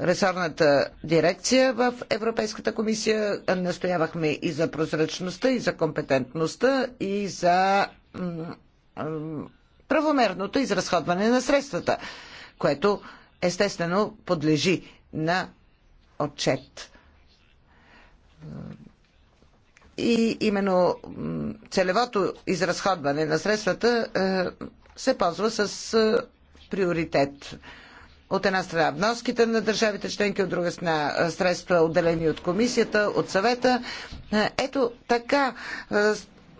ресорната дирекция в Европейската комисия. Настоявахме и за прозрачността, и за компетентността, и за правомерното изразходване на средствата, което естествено подлежи на отчет. И именно целевото изразходване на средствата е, се ползва с е, приоритет. От една страна вноските на държавите членки, от друга страна е, средства отделени от комисията, от съвета. Ето така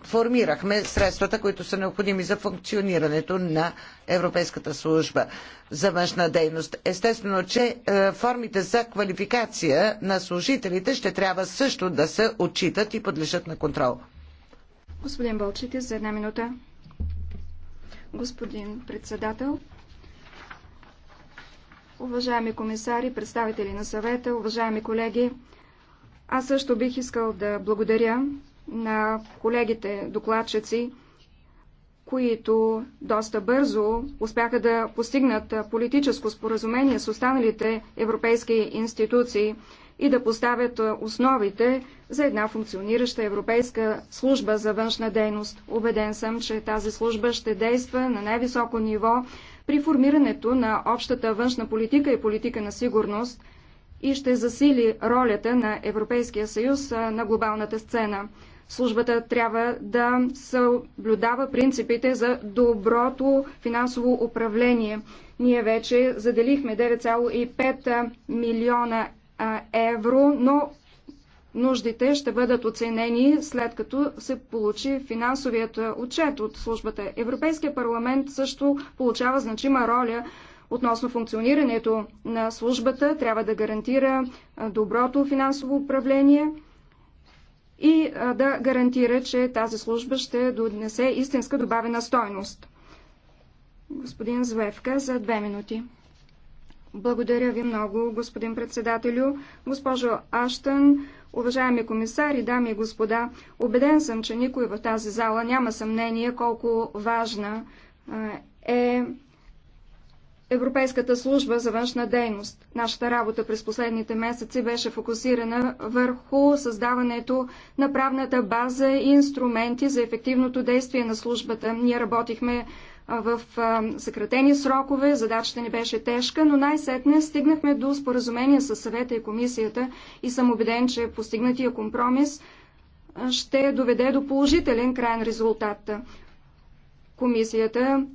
формирахме средствата, които са необходими за функционирането на Европейската служба за външна дейност. Естествено, че е, формите за квалификация на служителите ще трябва също да се отчитат и подлежат на контрол. Господин Балчити, за една минута. Господин председател, уважаеми комисари, представители на съвета, уважаеми колеги, аз също бих искал да благодаря на колегите докладчици, които доста бързо успяха да постигнат политическо споразумение с останалите европейски институции и да поставят основите за една функционираща европейска служба за външна дейност. Обеден съм, че тази служба ще действа на най-високо ниво при формирането на общата външна политика и политика на сигурност и ще засили ролята на Европейския съюз на глобалната сцена. Службата трябва да съблюдава принципите за доброто финансово управление. Ние вече заделихме 9,5 милиона евро, но нуждите ще бъдат оценени след като се получи финансовият отчет от службата. Европейския парламент също получава значима роля относно функционирането на службата, трябва да гарантира доброто финансово управление – и да гарантира, че тази служба ще донесе истинска добавена стойност. Господин Звевка, за две минути. Благодаря ви много, господин председателю, госпожо Аштън, уважаеми комисари, дами и господа. убеден съм, че никой в тази зала няма съмнение колко важна е Европейската служба за външна дейност. Нашата работа през последните месеци беше фокусирана върху създаването на правната база и инструменти за ефективното действие на службата. Ние работихме в съкратени срокове, задачата ни беше тежка, но най-сетне стигнахме до споразумение с съвета и комисията и съм убеден, че постигнатия компромис ще доведе до положителен крайен резултат. Комисията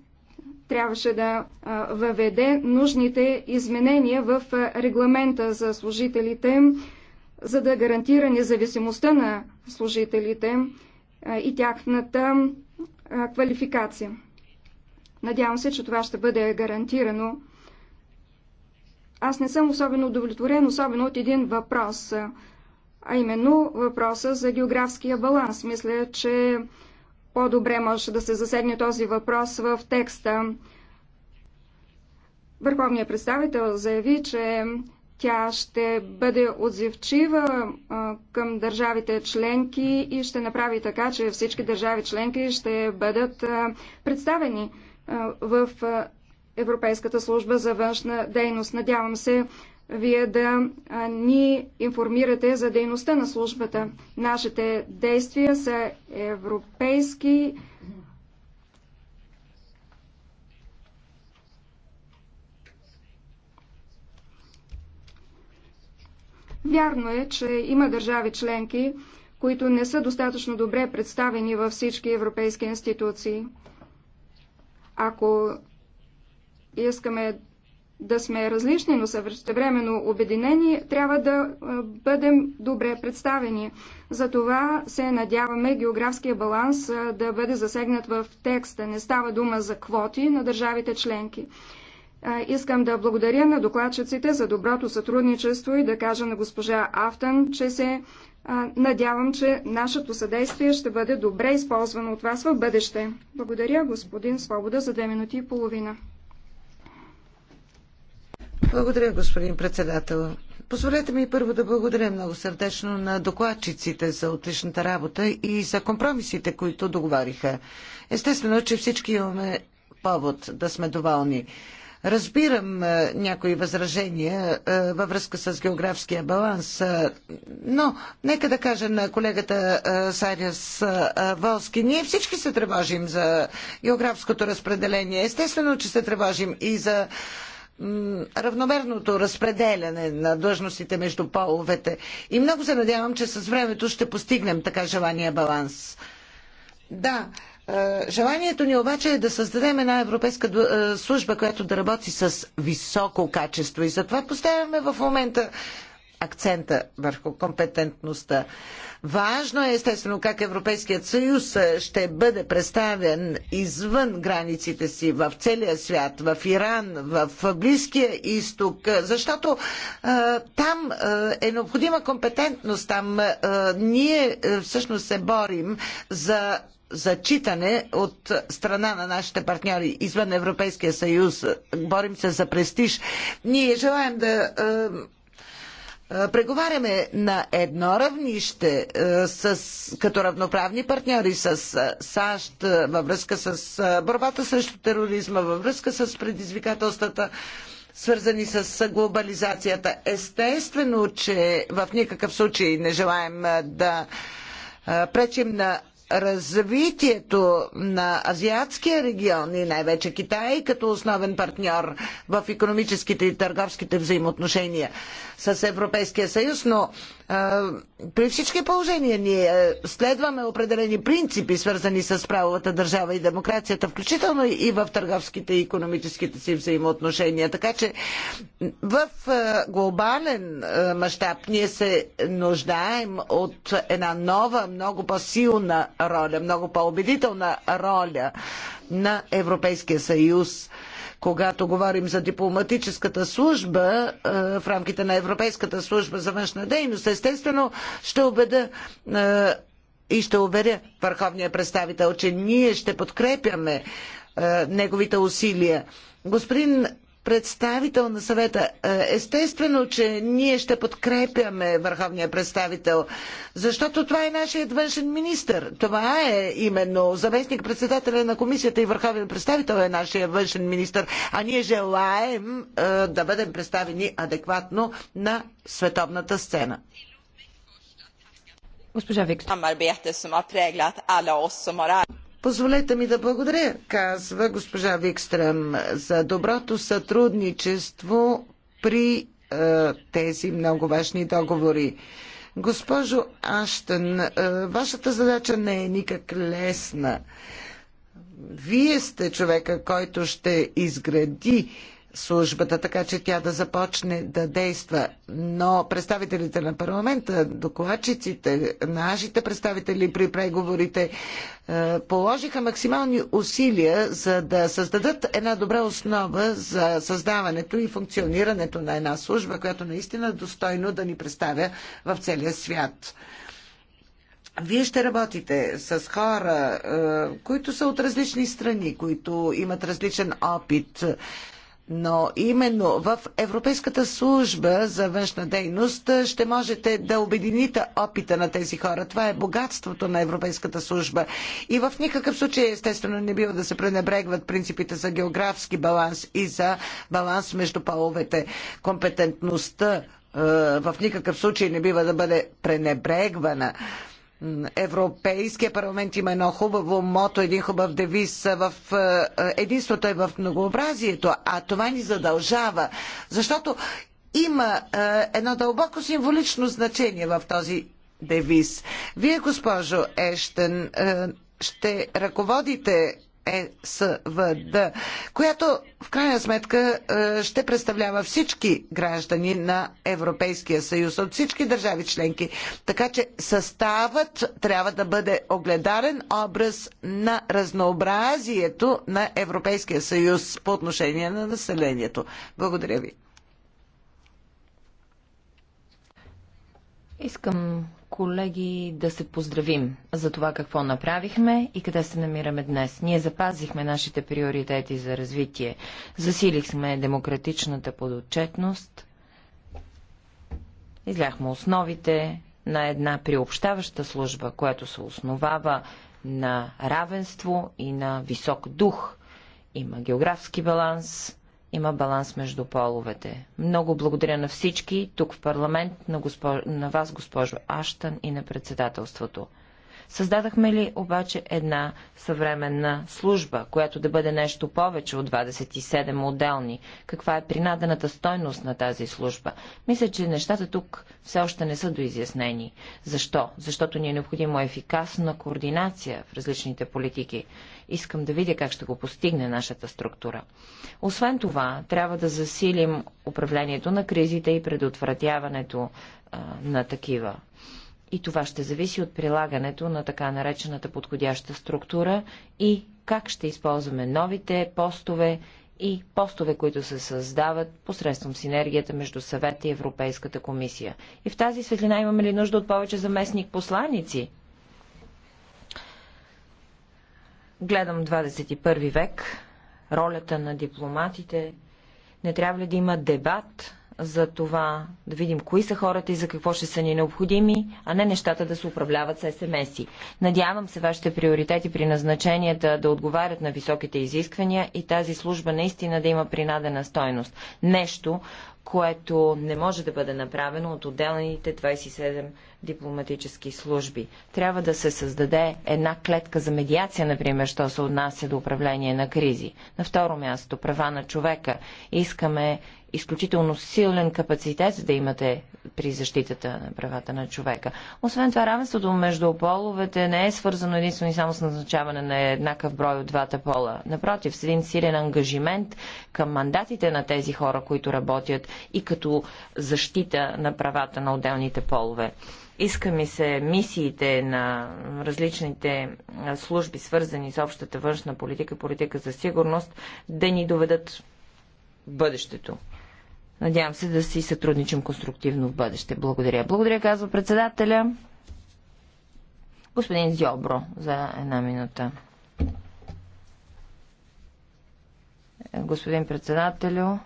трябваше да въведе нужните изменения в регламента за служителите, за да гарантира независимостта на служителите и тяхната квалификация. Надявам се, че това ще бъде гарантирано. Аз не съм особено удовлетворен, особено от един въпрос, а именно въпроса за географския баланс. Мисля, че по-добре може да се заседне този въпрос в текста. Върховният представител заяви, че тя ще бъде отзивчива към държавите членки и ще направи така, че всички държави членки ще бъдат представени в Европейската служба за външна дейност. Надявам се, вие да ни информирате за дейността на службата. Нашите действия са европейски. Вярно е, че има държави членки, които не са достатъчно добре представени във всички европейски институции. Ако искаме да сме различни, но същевременно обединени, трябва да бъдем добре представени. Затова се надяваме географския баланс да бъде засегнат в текста. Не става дума за квоти на държавите членки. Искам да благодаря на докладчиците за доброто сътрудничество и да кажа на госпожа Афтън, че се надявам, че нашето съдействие ще бъде добре използвано от вас в бъдеще. Благодаря господин Свобода за две минути и половина. Благодаря, господин председател. Позволете ми първо да благодаря много сърдечно на докладчиците за отличната работа и за компромисите, които договариха. Естествено, че всички имаме повод да сме доволни. Разбирам е, някои възражения е, във връзка с географския баланс, е, но нека да кажа на колегата Сарис Волски, ние всички се тревожим за географското разпределение. Естествено, че се тревожим и за равномерното разпределяне на длъжностите между половете. И много се надявам, че с времето ще постигнем така желания баланс. Да, е, желанието ни обаче е да създадем една европейска е, служба, която да работи с високо качество. И затова поставяме в момента акцента върху компетентността. Важно е естествено как Европейският съюз е, ще бъде представен извън границите си в целия свят, в Иран, в Близкия изток, е, защото е, там е необходима компетентност, там ние всъщност се борим за зачитане от страна на нашите партньори извън Европейския съюз. Борим се за престиж. Ние желаем да преговаряме на едно равнище с, като равноправни партньори с САЩ във връзка с борбата срещу тероризма, във връзка с предизвикателствата свързани с глобализацията. Естествено, че в никакъв случай не желаем да пречим на развитието на азиатския регион и най-вече Китай като основен партньор в економическите и търговските взаимоотношения с Европейския съюз, но а, при всички положения ние следваме определени принципи, свързани с правовата държава и демокрацията, включително и в търговските и економическите си взаимоотношения. Така че в глобален мащаб ние се нуждаем от една нова, много по-силна роля, много по-убедителна роля на Европейския съюз. Когато говорим за дипломатическата служба е, в рамките на Европейската служба за външна дейност, естествено ще убеда е, и ще уверя върховния представител, че ние ще подкрепяме е, неговите усилия. Господин представител на съвета. Е, естествено, че ние ще подкрепяме върховния представител, защото това е нашият външен министр. Това е именно заместник председателя на комисията и върховен представител е нашия външен министр, а ние желаем е, да бъдем представени адекватно на световната сцена. Госпожа Позволете ми да благодаря, казва госпожа Викстрем, за доброто сътрудничество при е, тези много важни договори. Госпожо Аштън, е, вашата задача не е никак лесна. Вие сте човека, който ще изгради службата, така че тя да започне да действа. Но представителите на парламента, докладчиците, нашите представители при преговорите е, положиха максимални усилия за да създадат една добра основа за създаването и функционирането на една служба, която наистина достойно да ни представя в целия свят. Вие ще работите с хора, е, които са от различни страни, които имат различен опит но именно в Европейската служба за външна дейност ще можете да обедините опита на тези хора. Това е богатството на Европейската служба. И в никакъв случай, естествено, не бива да се пренебрегват принципите за географски баланс и за баланс между половете. Компетентността в никакъв случай не бива да бъде пренебрегвана. Европейския парламент има едно хубаво мото, един хубав девиз в е, е, единството е в многообразието, а това ни задължава, защото има е, едно дълбоко символично значение в този девиз. Вие, госпожо Ещен, ще ръководите ЕСВД, която в крайна сметка е, ще представлява всички граждани на Европейския съюз от всички държави членки. Така че съставът трябва да бъде огледарен образ на разнообразието на Европейския съюз по отношение на населението. Благодаря ви. Искам колеги, да се поздравим за това какво направихме и къде се намираме днес. Ние запазихме нашите приоритети за развитие, засилихме демократичната подотчетност, изляхме основите на една приобщаваща служба, която се основава на равенство и на висок дух. Има географски баланс, има баланс между половете. Много благодаря на всички тук в парламент, на, госпож... на вас, госпожо Аштан и на председателството. Създадахме ли обаче една съвременна служба, която да бъде нещо повече от 27 отделни? Каква е принадената стойност на тази служба? Мисля, че нещата тук все още не са доизяснени. Защо? Защото ни е необходимо ефикасна координация в различните политики. Искам да видя как ще го постигне нашата структура. Освен това, трябва да засилим управлението на кризите и предотвратяването а, на такива. И това ще зависи от прилагането на така наречената подходяща структура и как ще използваме новите постове и постове, които се създават посредством синергията между съвета и Европейската комисия. И в тази светлина имаме ли нужда от повече заместник посланици? Гледам 21 век, ролята на дипломатите. Не трябва ли да има дебат за това да видим кои са хората и за какво ще са ни необходими, а не нещата да се управляват с СМС-и. Надявам се вашите приоритети при назначенията да отговарят на високите изисквания и тази служба наистина да има принадена стойност. Нещо, което не може да бъде направено от отделените 27 дипломатически служби. Трябва да се създаде една клетка за медиация, например, що се отнася до управление на кризи. На второ място, права на човека. Искаме изключително силен капацитет да имате при защитата на правата на човека. Освен това, равенството между половете не е свързано единствено и само с назначаване на еднакъв брой от двата пола. Напротив, с един силен ангажимент към мандатите на тези хора, които работят и като защита на правата на отделните полове. Иска ми се мисиите на различните служби, свързани с общата външна политика, политика за сигурност, да ни доведат бъдещето. Надявам се да си сътрудничим конструктивно в бъдеще. Благодаря. Благодаря, казва председателя. Господин Зьобро, за една минута. Господин председателю,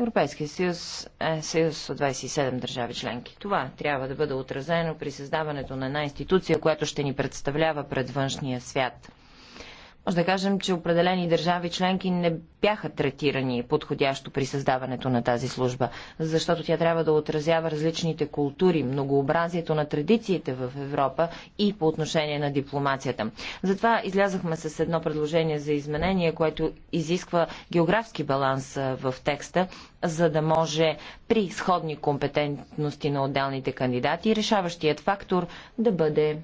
Европейския съюз е съюз от 27 държави членки. Това трябва да бъде отразено при създаването на една институция, която ще ни представлява пред външния свят. Може да кажем, че определени държави членки не бяха третирани подходящо при създаването на тази служба, защото тя трябва да отразява различните култури, многообразието на традициите в Европа и по отношение на дипломацията. Затова излязахме с едно предложение за изменение, което изисква географски баланс в текста, за да може при сходни компетентности на отделните кандидати решаващият фактор да бъде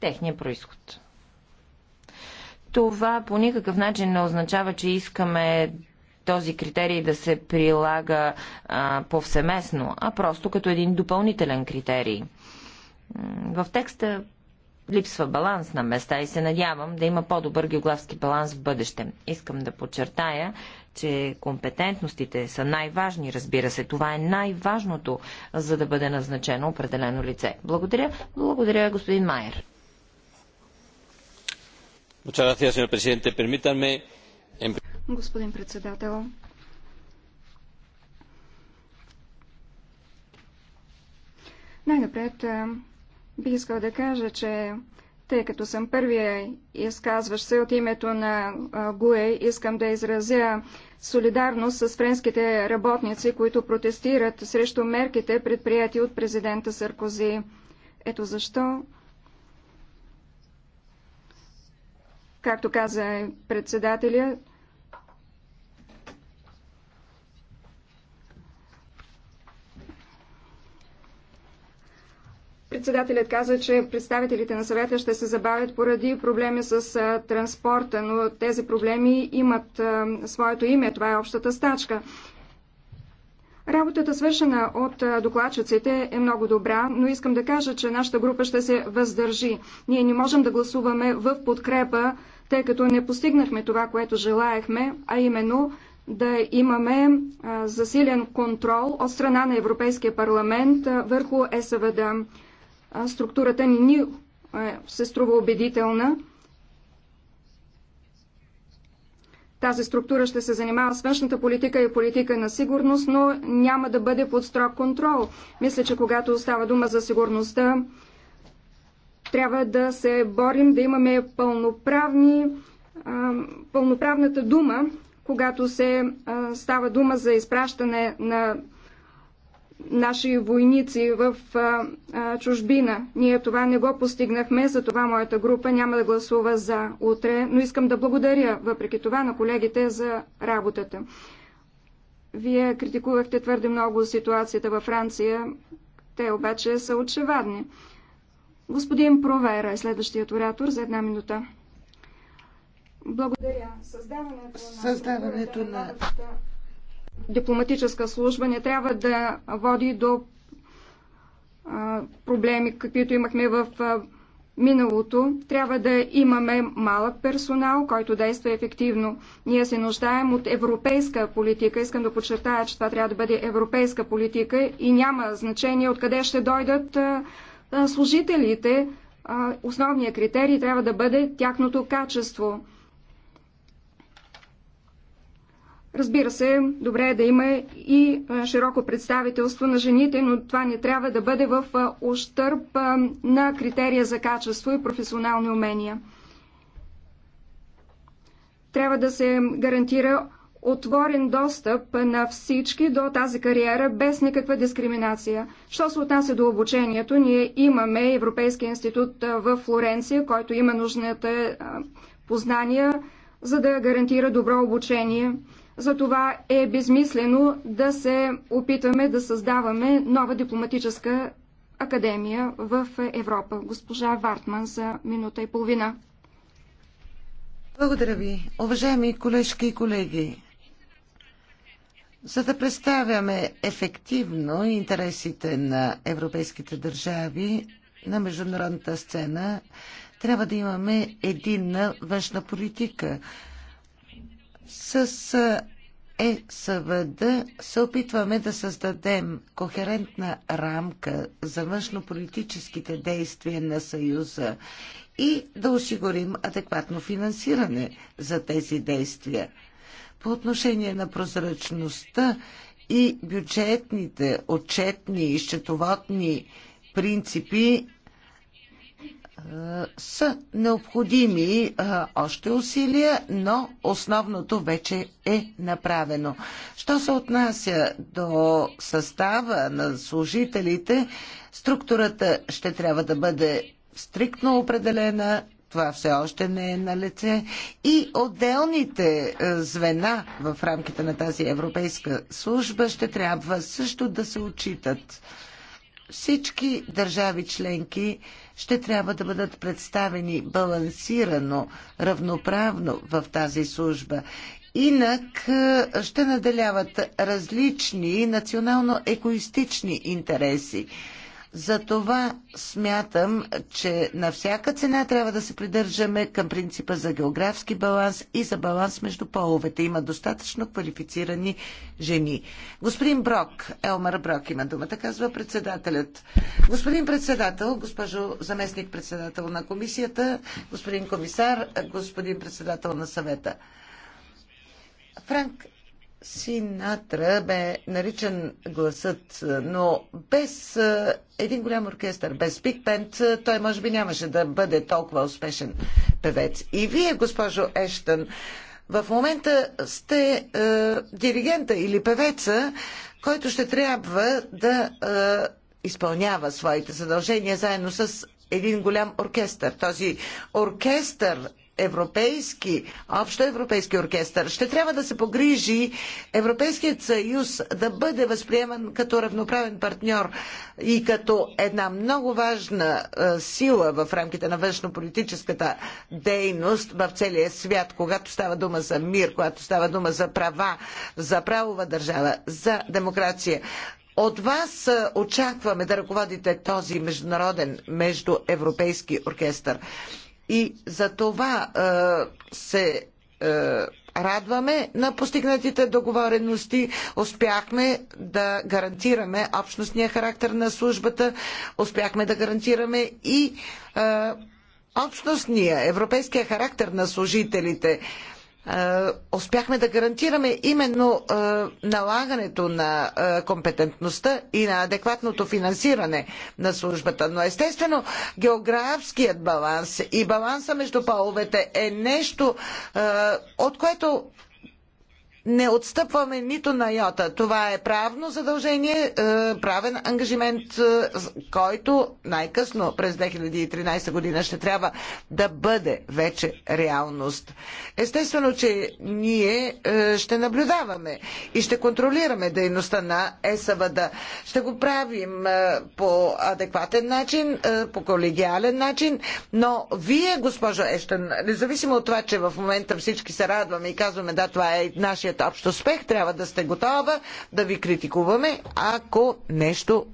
техния происход. Това по никакъв начин не означава, че искаме този критерий да се прилага а, повсеместно, а просто като един допълнителен критерий. В текста липсва баланс на места и се надявам да има по-добър географски баланс в бъдеще. Искам да подчертая, че компетентностите са най-важни, разбира се. Това е най-важното, за да бъде назначено определено лице. Благодаря. Благодаря, господин Майер. Господин председател, най-напред е, бих искал да кажа, че тъй като съм първия изказващ се от името на е, ГУЕ, искам да изразя солидарност с френските работници, които протестират срещу мерките, предприяти от президента Саркози. Ето защо Както каза председателя, Председателят каза, че представителите на съвета ще се забавят поради проблеми с транспорта, но тези проблеми имат своето име. Това е общата стачка. Работата, свършена от докладчиците, е много добра, но искам да кажа, че нашата група ще се въздържи. Ние не можем да гласуваме в подкрепа тъй като не постигнахме това, което желаехме, а именно да имаме засилен контрол от страна на Европейския парламент върху СВД. Структурата ни се струва убедителна. Тази структура ще се занимава с външната политика и политика на сигурност, но няма да бъде под строг контрол. Мисля, че когато става дума за сигурността, трябва да се борим да имаме пълноправни, пълноправната дума, когато се става дума за изпращане на наши войници в а, а, чужбина. Ние това не го постигнахме, за това моята група няма да гласува за утре, но искам да благодаря въпреки това на колегите за работата. Вие критикувахте твърде много ситуацията във Франция, те обаче са очевадни. Господин Провера е следващият оратор за една минута. Благодаря. Създаването на, на... дипломатическа служба не трябва да води до а, проблеми, каквито имахме в а, миналото. Трябва да имаме малък персонал, който действа ефективно. Ние се нуждаем от европейска политика. Искам да подчертая, че това трябва да бъде европейска политика и няма значение откъде ще дойдат. А, служителите, основният критерий трябва да бъде тяхното качество. Разбира се, добре е да има и широко представителство на жените, но това не трябва да бъде в ощърп на критерия за качество и професионални умения. Трябва да се гарантира отворен достъп на всички до тази кариера без никаква дискриминация. Що се отнася до обучението, ние имаме Европейския институт в Флоренция, който има нужната познания, за да гарантира добро обучение. Затова е безмислено да се опитваме да създаваме нова дипломатическа академия в Европа. Госпожа Вартман за минута и половина. Благодаря ви. Уважаеми колежки и колеги, за да представяме ефективно интересите на европейските държави на международната сцена, трябва да имаме единна външна политика. С ЕСВД се опитваме да създадем кохерентна рамка за външнополитическите действия на Съюза и да осигурим адекватно финансиране за тези действия. По отношение на прозрачността и бюджетните, отчетни и счетоводни принципи е, са необходими е, още усилия, но основното вече е направено. Що се отнася до състава на служителите, структурата ще трябва да бъде стриктно определена това все още не е на лице. И отделните е, звена в рамките на тази европейска служба ще трябва също да се отчитат. Всички държави членки ще трябва да бъдат представени балансирано, равноправно в тази служба. Инак е, ще наделяват различни национално екоистични интереси. Затова смятам, че на всяка цена трябва да се придържаме към принципа за географски баланс и за баланс между половете. Има достатъчно квалифицирани жени. Господин Брок, Елмар Брок има думата, казва председателят. Господин председател, госпожо заместник председател на комисията, господин комисар, господин председател на съвета. Франк Синатра бе наричан гласът, но без един голям оркестър, без Биг Пент, той може би нямаше да бъде толкова успешен певец. И вие, госпожо Ештън, в момента сте е, диригента или певеца, който ще трябва да е, изпълнява своите задължения заедно с един голям оркестър. Този оркестър европейски, общо европейски оркестър. Ще трябва да се погрижи Европейският съюз да бъде възприеман като равноправен партньор и като една много важна сила в рамките на външнополитическата дейност в целия свят, когато става дума за мир, когато става дума за права, за правова държава, за демокрация. От вас очакваме да ръководите този международен, междуевропейски оркестър. И за това е, се е, радваме на постигнатите договорености. Успяхме да гарантираме общностния характер на службата, успяхме да гарантираме и е, общностния, европейския характер на служителите. Е, успяхме да гарантираме именно е, налагането на е, компетентността и на адекватното финансиране на службата. Но естествено, географският баланс и баланса между половете е нещо, от което не отстъпваме нито на йота. Това е правно задължение, е, правен ангажимент, е, който най-късно през 2013 година ще трябва да бъде вече реалност. Естествено, че ние е, ще наблюдаваме и ще контролираме дейността на ЕСВД. Ще го правим по адекватен начин, по колегиален начин, но вие, госпожо Ещен, независимо от това, че в момента всички се радваме и казваме, да, това е нашият имат общо успех, трябва да сте готова да ви критикуваме, ако нещо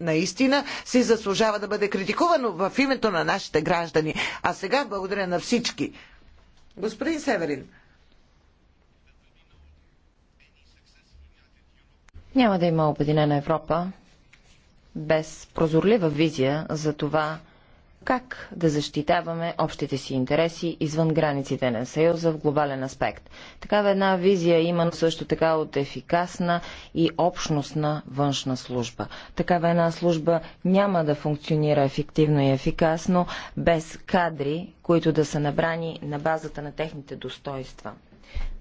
наистина си заслужава да бъде критикувано в името на нашите граждани. А сега благодаря на всички. Господин Северин. Няма да има обединена Европа без прозорлива визия за това как да защитаваме общите си интереси извън границите на Съюза в глобален аспект. Такава една визия е има също така от ефикасна и общностна външна служба. Такава една служба няма да функционира ефективно и ефикасно без кадри, които да са набрани на базата на техните достоинства.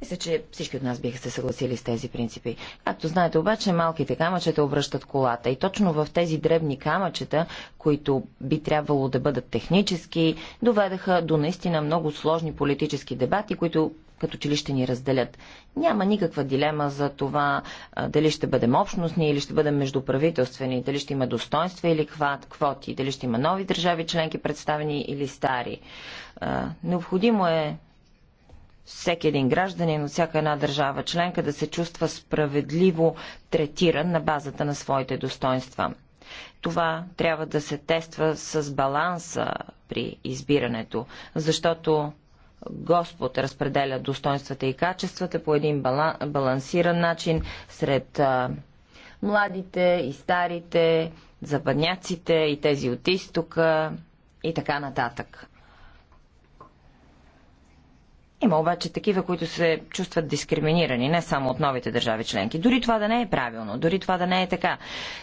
Мисля, че всички от нас биха се съгласили с тези принципи. Както знаете, обаче малките камъчета обръщат колата. И точно в тези дребни камъчета, които би трябвало да бъдат технически, доведаха до наистина много сложни политически дебати, които като че ли ще ни разделят. Няма никаква дилема за това дали ще бъдем общностни или ще бъдем междуправителствени, дали ще има достоинства или квад, квоти, дали ще има нови държави членки представени или стари. необходимо е всеки един гражданин от всяка една държава членка да се чувства справедливо третиран на базата на своите достоинства. Това трябва да се тества с баланса при избирането, защото Господ разпределя достоинствата и качествата по един балансиран начин сред младите и старите, западняците и тези от изтока и така нататък. Има обаче такива, които се чувстват дискриминирани, не само от новите държави членки. Дори това да не е правилно, дори това да не е така.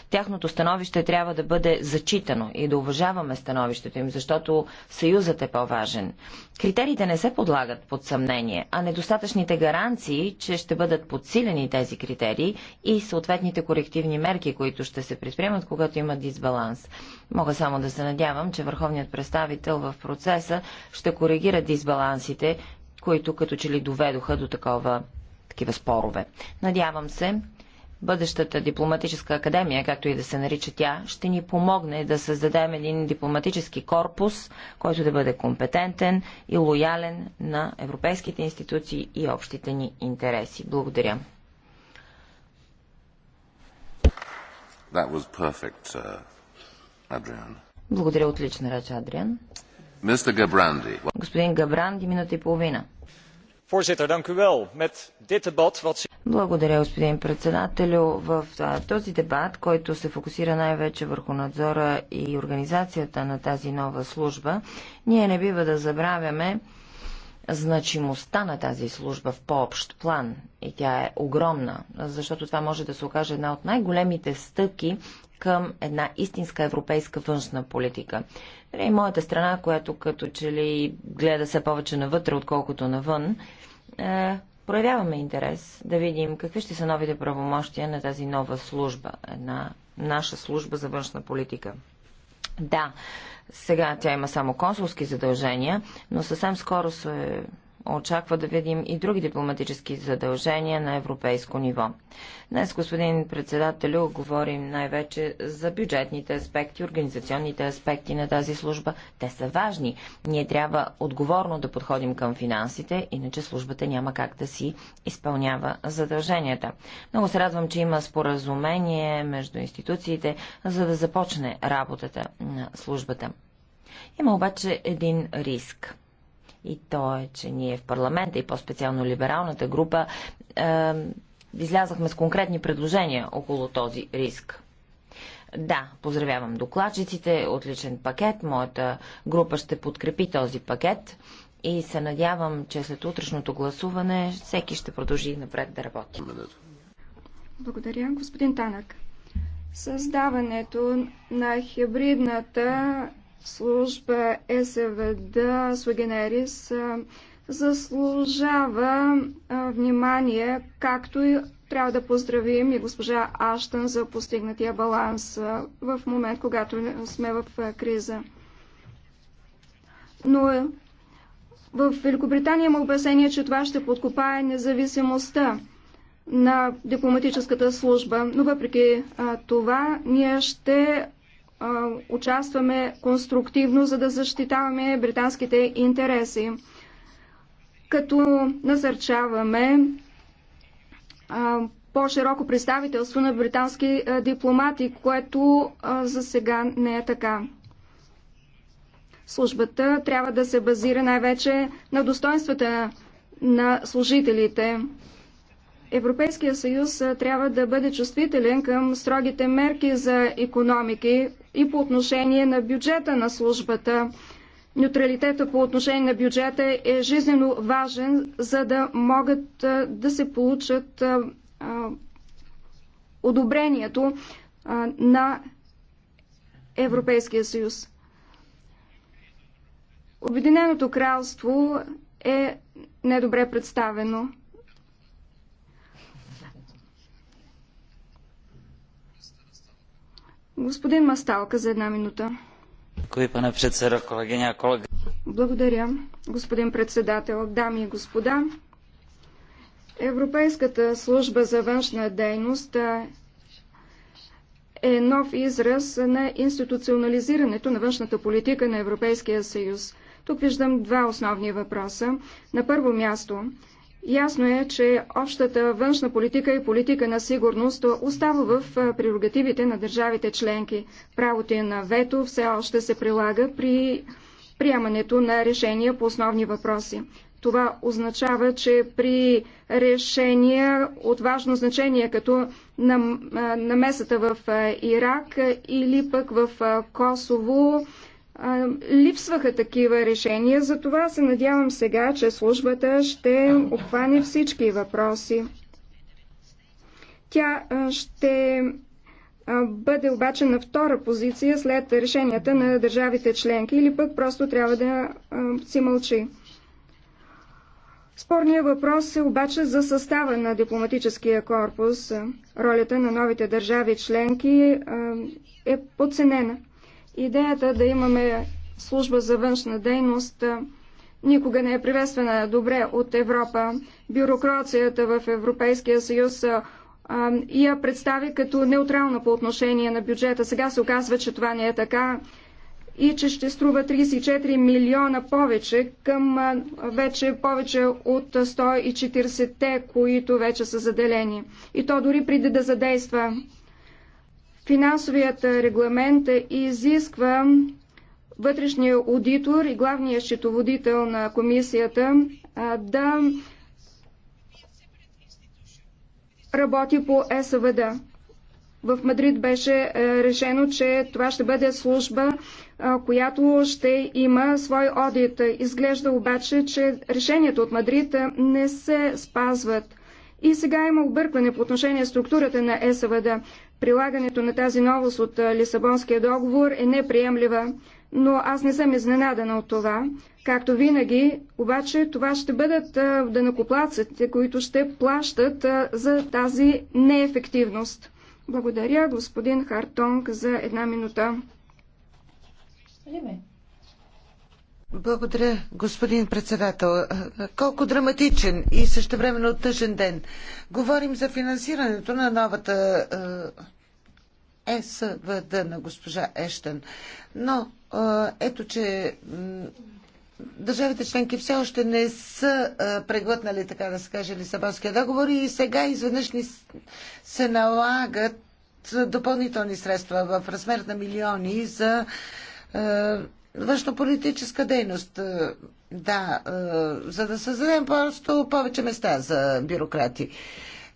Тяхното становище трябва да бъде зачитано и да уважаваме становището им, защото съюзът е по-важен. Критериите не се подлагат под съмнение, а недостатъчните гаранции, че ще бъдат подсилени тези критерии и съответните корективни мерки, които ще се предприемат, когато има дисбаланс. Мога само да се надявам, че върховният представител в процеса ще коригира дисбалансите, които като че ли доведоха до такова, такива спорове. Надявам се, бъдещата дипломатическа академия, както и да се нарича тя, ще ни помогне да създадем един дипломатически корпус, който да бъде компетентен и лоялен на европейските институции и общите ни интереси. Благодаря. That was perfect, uh, Благодаря, отлично реч, Адриан. Господин Габранди, минута и половина. Благодаря, господин председателю. В този дебат, който се фокусира най-вече върху надзора и организацията на тази нова служба, ние не бива да забравяме значимостта на тази служба в по-общ план. И тя е огромна, защото това може да се окаже една от най-големите стъпки към една истинска европейска външна политика. И нали, моята страна, която като че ли гледа се повече навътре, отколкото навън, е, проявяваме интерес да видим какви ще са новите правомощия на тази нова служба, една наша служба за външна политика. Да, сега тя има само консулски задължения, но съвсем скоро се очаква да видим и други дипломатически задължения на европейско ниво. Днес, господин председател, говорим най-вече за бюджетните аспекти, организационните аспекти на тази служба. Те са важни. Ние трябва отговорно да подходим към финансите, иначе службата няма как да си изпълнява задълженията. Много се радвам, че има споразумение между институциите, за да започне работата на службата. Има обаче един риск и то е, че ние в парламента и по-специално либералната група е, излязахме с конкретни предложения около този риск. Да, поздравявам докладчиците, отличен пакет, моята група ще подкрепи този пакет и се надявам, че след утрешното гласуване всеки ще продължи напред да работи. Благодаря, господин Танък. Създаването на хибридната служба СВД Сугенерис заслужава внимание, както и трябва да поздравим и госпожа Аштън за постигнатия баланс в момент, когато сме в криза. Но в Великобритания има опасение, че това ще подкопае независимостта на дипломатическата служба, но въпреки това ние ще участваме конструктивно, за да защитаваме британските интереси, като насърчаваме по-широко представителство на британски дипломати, което за сега не е така. Службата трябва да се базира най-вече на достоинствата на служителите. Европейския съюз трябва да бъде чувствителен към строгите мерки за економики, и по отношение на бюджета на службата. Неутралитета по отношение на бюджета е жизненно важен, за да могат да се получат одобрението на Европейския съюз. Обединеното кралство е недобре представено. Господин Масталка за една минута. Кой пане председа, колегиня, колега? Благодаря, господин председател, дами и господа. Европейската служба за външна дейност е нов израз на институционализирането на външната политика на Европейския съюз. Тук виждам два основни въпроса. На първо място, Ясно е, че общата външна политика и политика на сигурност остава в прерогативите на държавите членки. Правото на вето все още се прилага при приемането на решения по основни въпроси. Това означава, че при решения от важно значение, като намесата в Ирак или пък в Косово, липсваха такива решения, затова се надявам сега, че службата ще обхване всички въпроси. Тя ще бъде обаче на втора позиция след решенията на държавите членки или пък просто трябва да си мълчи. Спорният въпрос е обаче за състава на дипломатическия корпус. Ролята на новите държави членки е подценена. Идеята да имаме служба за външна дейност никога не е приветствана добре от Европа. Бюрокрацията в Европейския съюз я представи като неутрална по отношение на бюджета. Сега се оказва, че това не е така и че ще струва 34 милиона повече към вече повече от 140-те, които вече са заделени. И то дори преди да задейства. Финансовият регламент изисква вътрешния аудитор и главния счетоводител на комисията да работи по СВД. В Мадрид беше е, решено, че това ще бъде служба, е, която ще има свой одит. Изглежда обаче, че решението от Мадрид е, не се спазват. И сега има объркване по отношение структурата на ЕСВД. Прилагането на тази новост от Лисабонския договор е неприемлива, но аз не съм изненадана от това. Както винаги, обаче това ще бъдат данакоплаците, които ще плащат за тази неефективност. Благодаря господин Хартонг за една минута. Лиме. Благодаря, господин председател. Колко драматичен и същевременно тъжен ден. Говорим за финансирането на новата е, СВД на госпожа Ещен. Но е, ето, че държавите членки все още не са преглътнали, така да се каже, Лисабонския договор и сега изведнъж ни се налагат допълнителни средства в размер на милиони за външнополитическа дейност. Е, да, е, за да създадем просто повече места за бюрократи.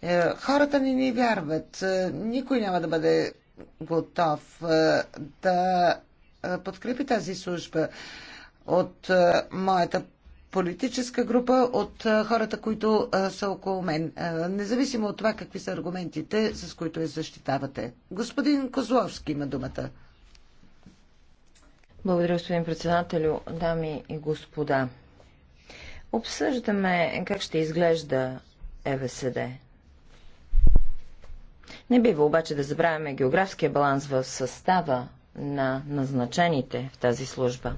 Е, хората ни не вярват. Никой няма да бъде готов да подкрепи тази служба от моята политическа група, от хората, които са около мен. Независимо от това какви са аргументите, с които я защитавате. Господин Козловски има думата. Благодаря, господин председателю, дами и господа. Обсъждаме как ще изглежда ЕВСД. Не бива обаче да забравяме географския баланс в състава на назначените в тази служба.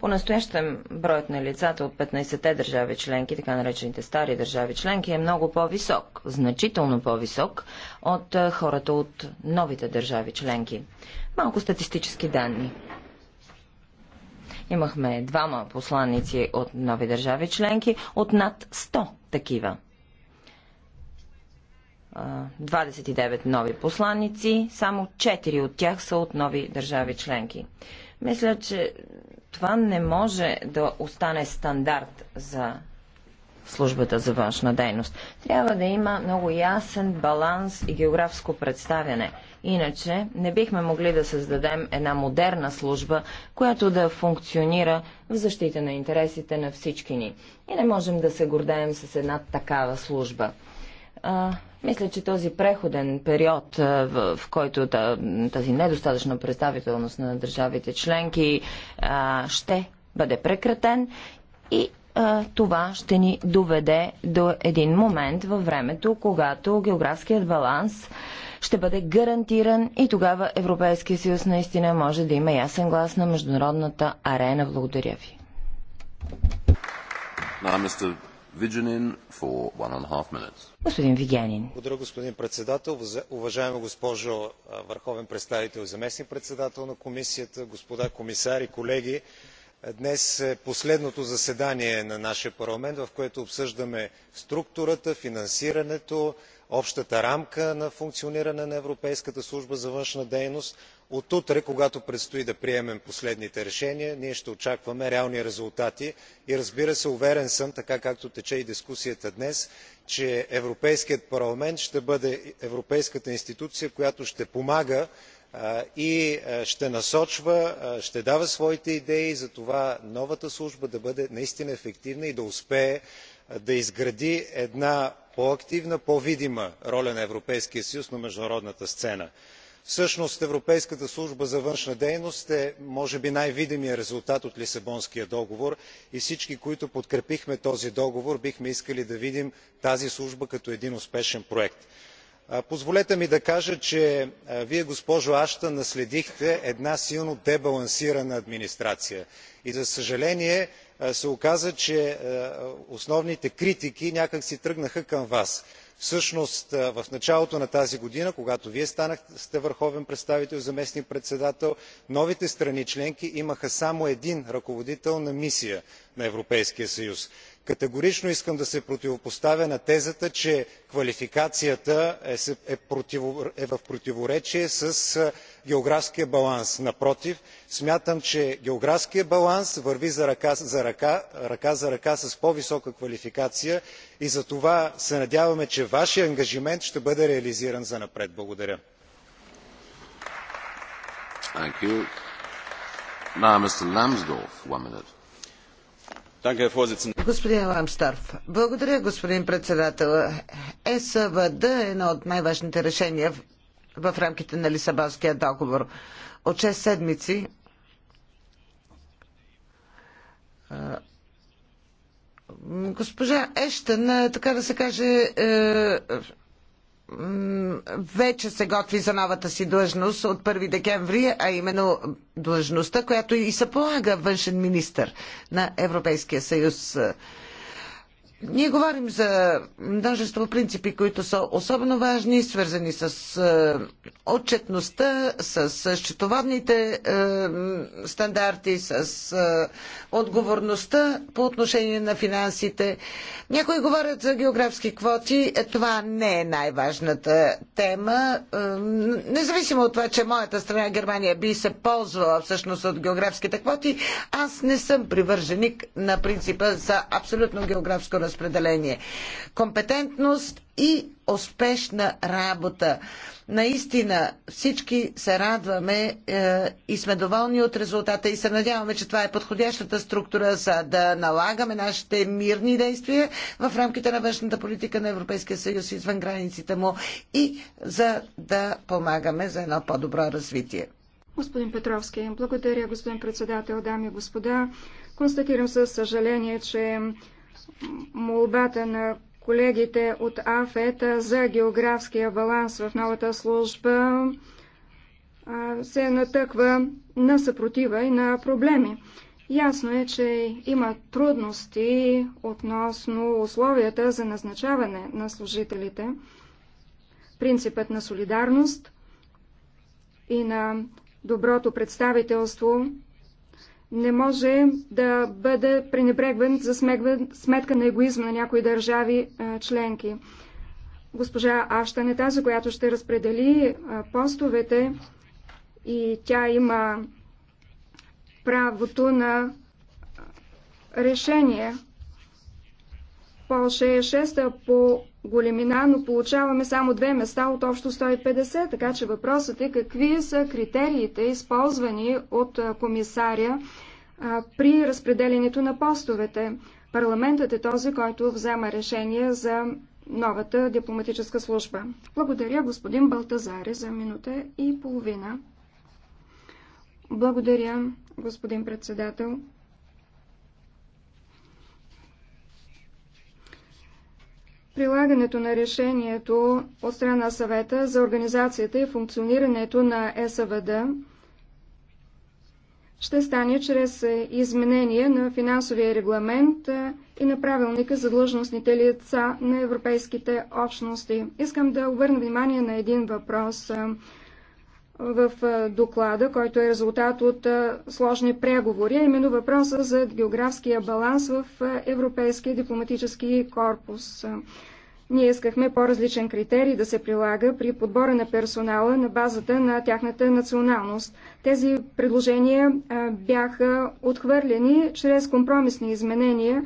По-настоящем броят на лицата от 15-те държави членки, така наречените стари държави членки, е много по-висок, значително по-висок от хората от новите държави членки. Малко статистически данни. Имахме двама посланници от нови държави членки, от над 100 такива. 29 нови посланници, само 4 от тях са от нови държави членки. Мисля, че това не може да остане стандарт за службата за външна дейност. Трябва да има много ясен баланс и географско представяне – Иначе не бихме могли да създадем една модерна служба, която да функционира в защита на интересите на всички ни. И не можем да се гордеем с една такава служба. А, мисля, че този преходен период, в който тази недостатъчна представителност на държавите членки ще бъде прекратен и това ще ни доведе до един момент във времето, когато географският баланс ще бъде гарантиран и тогава Европейския съюз наистина може да има ясен глас на международната арена. Благодаря ви. Господин Вигянин. Благодаря, господин председател. Уважаема госпожо върховен представител и заместник председател на комисията, господа комисари, колеги днес е последното заседание на нашия парламент в което обсъждаме структурата финансирането общата рамка на функциониране на европейската служба за външна дейност. от утре когато предстои да приемем последните решения ние ще очакваме реални резултати и разбира се уверен съм така както тече и дискусията днес че европейският парламент ще бъде европейската институция която ще помага и ще насочва ще дава своите идеи за това новата служба да бъде наистина ефективна и да успее да изгради една по активна по видима роля на европейския съюз на международната сцена. всъщност европейската служба за външна дейност е може би най видимият резултат от лисабонския договор и всички които подкрепихме този договор бихме искали да видим тази служба като един успешен проект позволете ми да кажа че вие госпожо аштън наследихте една силно дебалансирана администрация и за съжаление се оказа че основните критики някак си тръгнаха към вас. всъщност в началото на тази година когато вие станахте върховен представител и заместник председател новите страни членки имаха само един ръководител на мисия на европейския съюз категорично искам да се противопоставя на тезата че квалификацията е, е, е в противоречие с географския баланс. напротив смятам че географският баланс върви ръка за ръка с по висока квалификация и затова се надяваме че вашият ангажимент ще бъде реализиран занапред. благодаря. Господин Ламсторф, благодаря, господин председател. ЕСВД е едно от най-важните решения в, в рамките на Лисабонския договор. От 6 седмици госпожа Ещен, така да се каже, е, вече се готви за новата си длъжност от 1 декември, а именно длъжността, която и се полага външен министр на Европейския съюз. Ние говорим за множество принципи, които са особено важни, свързани с е, отчетността, с, е, счетоводните е, стандарти, с е, отговорността по отношение на финансите. Някои говорят за географски квоти. Е, това не е най-важната тема. Е, независимо от това, че моята страна Германия би се ползвала всъщност от географските квоти, аз не съм привърженик на принципа за абсолютно географско разпределение разпределение. Компетентност и успешна работа. Наистина всички се радваме е, и сме доволни от резултата и се надяваме, че това е подходящата структура за да налагаме нашите мирни действия в рамките на външната политика на Европейския съюз извън границите му и за да помагаме за едно по-добро развитие. Господин Петровски, благодаря, господин председател, дами и господа. Констатирам със съжаление, че молбата на колегите от АФЕТ за географския баланс в новата служба се натъква на съпротива и на проблеми. Ясно е, че има трудности относно условията за назначаване на служителите, принципът на солидарност и на доброто представителство не може да бъде пренебрегван за сметка на егоизма на някои държави членки. Госпожа Аштан е тази, която ще разпредели постовете и тя има правото на решение. Полша е шеста по големина, но получаваме само две места от общо 150, така че въпросът е какви са критериите, използвани от комисаря при разпределението на постовете. Парламентът е този, който взема решение за новата дипломатическа служба. Благодаря господин Балтазари за минута и половина. Благодаря, господин председател. Прилагането на решението от страна на съвета за организацията и функционирането на СВД ще стане чрез изменение на финансовия регламент и на правилника за длъжностните лица на европейските общности. Искам да обърна внимание на един въпрос в доклада, който е резултат от сложни преговори, именно въпроса за географския баланс в Европейския дипломатически корпус. Ние искахме по-различен критерий да се прилага при подбора на персонала на базата на тяхната националност. Тези предложения бяха отхвърлени чрез компромисни изменения,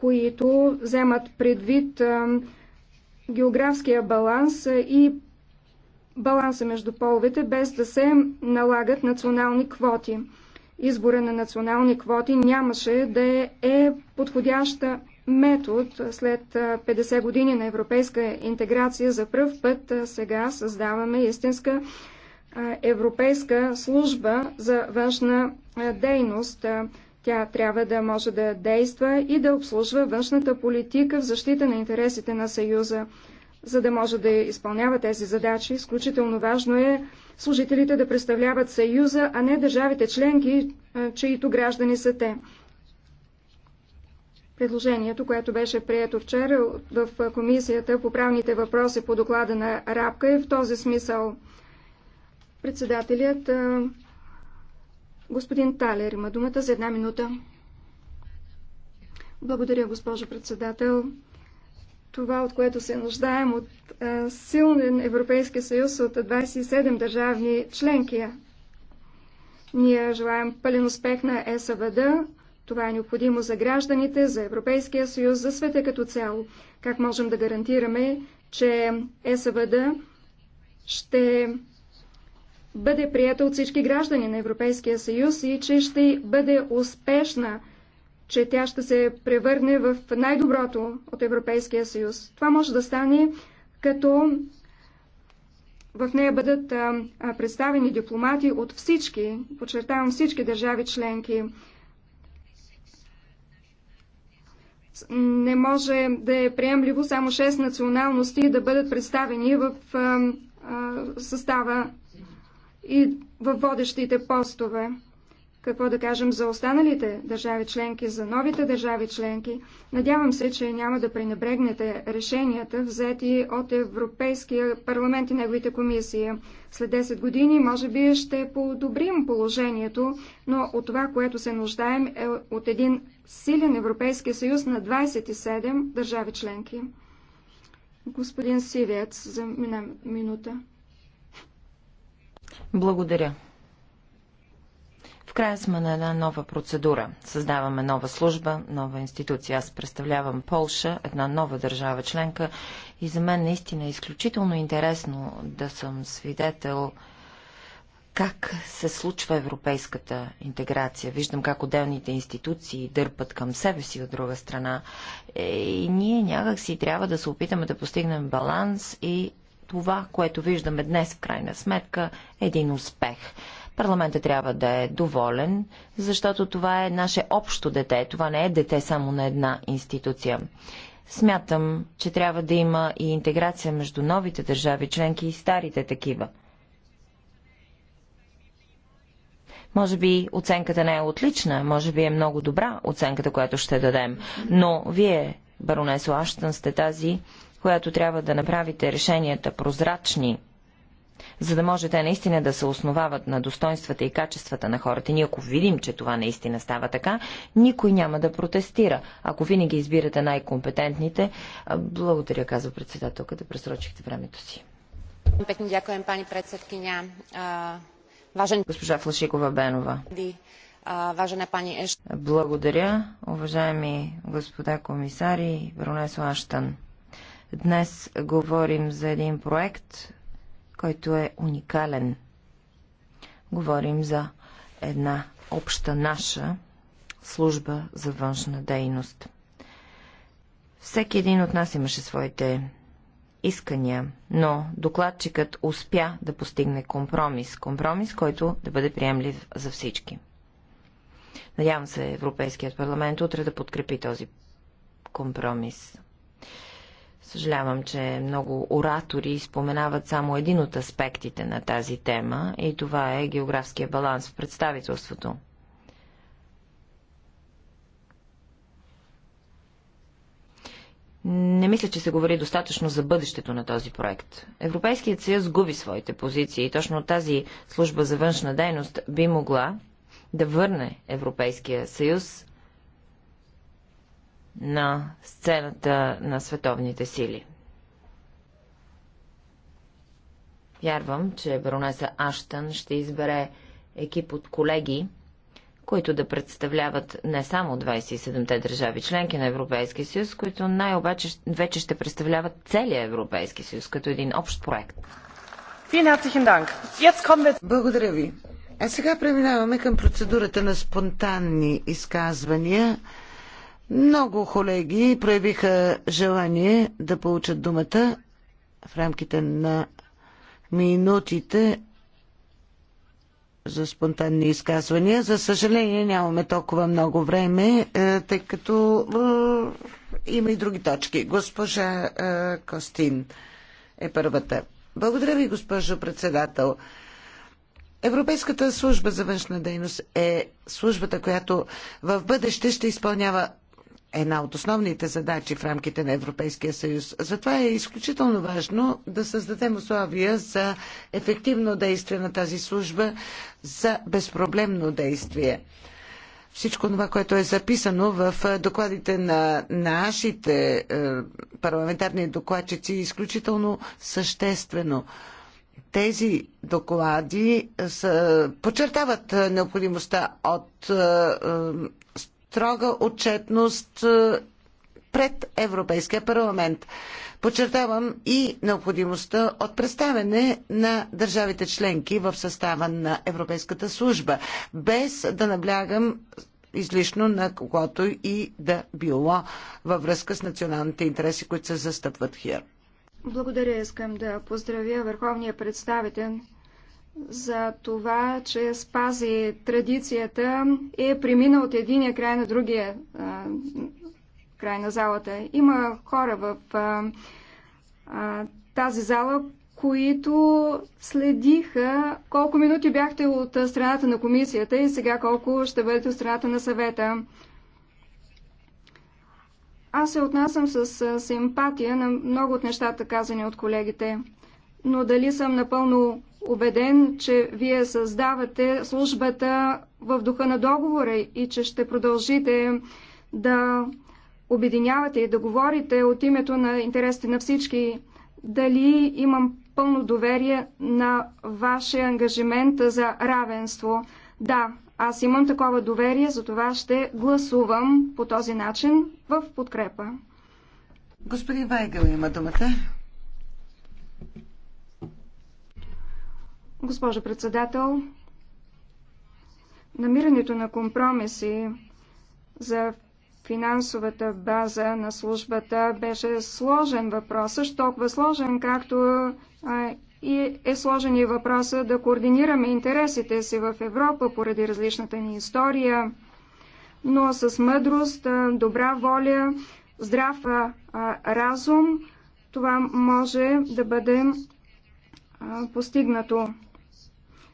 които вземат предвид географския баланс и баланса между половете, без да се налагат национални квоти. Избора на национални квоти нямаше да е подходяща метод след 50 години на европейска интеграция. За пръв път сега създаваме истинска европейска служба за външна дейност. Тя трябва да може да действа и да обслужва външната политика в защита на интересите на Съюза за да може да изпълнява тези задачи. Изключително важно е служителите да представляват Съюза, а не държавите членки, чието граждани са те. Предложението, което беше прието вчера в Комисията по правните въпроси по доклада на Рапка е в този смисъл. Председателят господин Талер има думата за една минута. Благодаря, госпожо председател това, от което се нуждаем от силен Европейски съюз от 27 държавни членки. Ние желаем пълен успех на СВД. Това е необходимо за гражданите, за Европейския съюз, за света като цяло. Как можем да гарантираме, че ЕСВД ще бъде прията от всички граждани на Европейския съюз и че ще бъде успешна че тя ще се превърне в най-доброто от Европейския съюз. Това може да стане като в нея бъдат а, представени дипломати от всички, подчертавам всички държави членки. Не може да е приемливо само 6 националности да бъдат представени в а, а, състава и в водещите постове какво да кажем за останалите държави членки, за новите държави членки. Надявам се, че няма да пренебрегнете решенията, взети от Европейския парламент и неговите комисии. След 10 години, може би, ще подобрим положението, но от това, което се нуждаем, е от един силен Европейски съюз на 27 държави членки. Господин Сивец, за мина минута. Благодаря края сме на една нова процедура. Създаваме нова служба, нова институция. Аз представлявам Полша, една нова държава членка и за мен наистина е изключително интересно да съм свидетел как се случва европейската интеграция. Виждам как отделните институции дърпат към себе си от друга страна. Е, и ние някак си трябва да се опитаме да постигнем баланс и това, което виждаме днес в крайна сметка, е един успех. Парламентът трябва да е доволен, защото това е наше общо дете. Това не е дете само на една институция. Смятам, че трябва да има и интеграция между новите държави членки и старите такива. Може би оценката не е отлична, може би е много добра оценката, която ще дадем, но вие, баронесо Аштън, сте тази, която трябва да направите решенията прозрачни за да може те наистина да се основават на достоинствата и качествата на хората. Ние ако видим, че това наистина става така, никой няма да протестира. Ако винаги избирате най-компетентните, благодаря, казва председателката, да пресрочихте времето си. Пекни дякуем, пани председкиня. Важен... Госпожа Флашикова Бенова. Важена пани Еш. Благодаря, уважаеми господа комисари, Бронесо Аштан. Днес говорим за един проект, който е уникален. Говорим за една обща наша служба за външна дейност. Всеки един от нас имаше своите искания, но докладчикът успя да постигне компромис. Компромис, който да бъде приемлив за всички. Надявам се Европейският парламент утре да подкрепи този компромис. Съжалявам, че много оратори споменават само един от аспектите на тази тема и това е географския баланс в представителството. Не мисля, че се говори достатъчно за бъдещето на този проект. Европейският съюз губи своите позиции и точно тази служба за външна дейност би могла да върне Европейския съюз на сцената на световните сили. Вярвам, че баронеса Аштън ще избере екип от колеги, които да представляват не само 27-те държави членки на Европейския съюз, които най-обаче вече ще представляват целия Европейски съюз като един общ проект. Благодаря ви. А сега преминаваме към процедурата на спонтанни изказвания. Много колеги проявиха желание да получат думата в рамките на минутите за спонтанни изказвания. За съжаление нямаме толкова много време, е, тъй като е, има и други точки. Госпожа е, Костин е първата. Благодаря ви, госпожо председател. Европейската служба за външна дейност е службата, която в бъдеще ще изпълнява една от основните задачи в рамките на Европейския съюз. Затова е изключително важно да създадем условия за ефективно действие на тази служба, за безпроблемно действие. Всичко това, което е записано в е, докладите на нашите е, парламентарни докладчици, е изключително съществено тези доклади е, са, подчертават необходимостта от строга отчетност е, пред Европейския парламент. Подчертавам и необходимостта от представяне на държавите членки в състава на Европейската служба, без да наблягам излишно на когото и да било във връзка с националните интереси, които се застъпват хир. Благодаря. Искам да поздравя върховния представител за това, че спази традицията, е преминал от единия край на другия а, край на залата. Има хора в а, а, тази зала, които следиха колко минути бяхте от страната на комисията и сега колко ще бъдете от страната на съвета. Аз се отнасям с симпатия на много от нещата, казани от колегите, но дали съм напълно убеден, че вие създавате службата в духа на договора и че ще продължите да обединявате и да говорите от името на интересите на всички. Дали имам пълно доверие на вашия ангажимент за равенство? Да, аз имам такова доверие, за това ще гласувам по този начин в подкрепа. Господин Вайгъл има думата. Госпожо председател, намирането на компромиси за финансовата база на службата беше сложен въпрос, също толкова сложен, както и е сложен и въпроса да координираме интересите си в Европа поради различната ни история, но с мъдрост, добра воля, здрав разум това може да бъде постигнато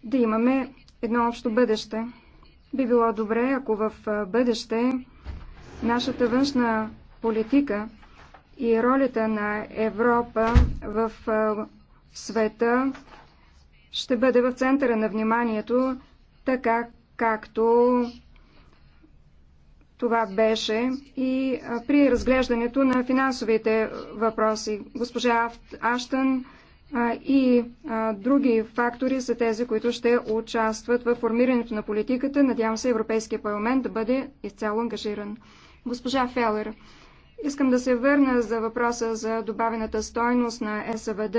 да имаме едно общо бъдеще. Би било добре, ако в бъдеще нашата външна политика и ролята на Европа в света ще бъде в центъра на вниманието, така както това беше и при разглеждането на финансовите въпроси. Госпожа Аштън и други фактори са тези, които ще участват в формирането на политиката. Надявам се Европейския парламент да бъде изцяло ангажиран. Госпожа Фелер, искам да се върна за въпроса за добавената стойност на СВД.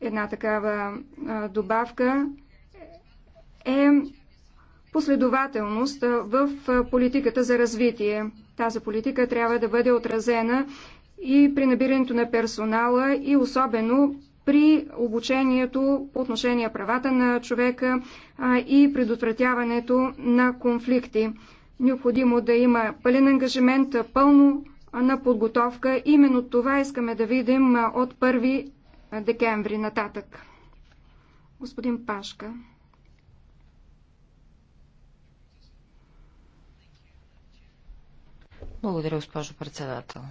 Една такава добавка е последователност в политиката за развитие. Тази политика трябва да бъде отразена и при набирането на персонала и особено при обучението по отношение правата на човека и предотвратяването на конфликти. Необходимо да има пълен ангажимент, пълно на подготовка. Именно това искаме да видим от 1 декември нататък. Господин Пашка. Благодаря, госпожо председател.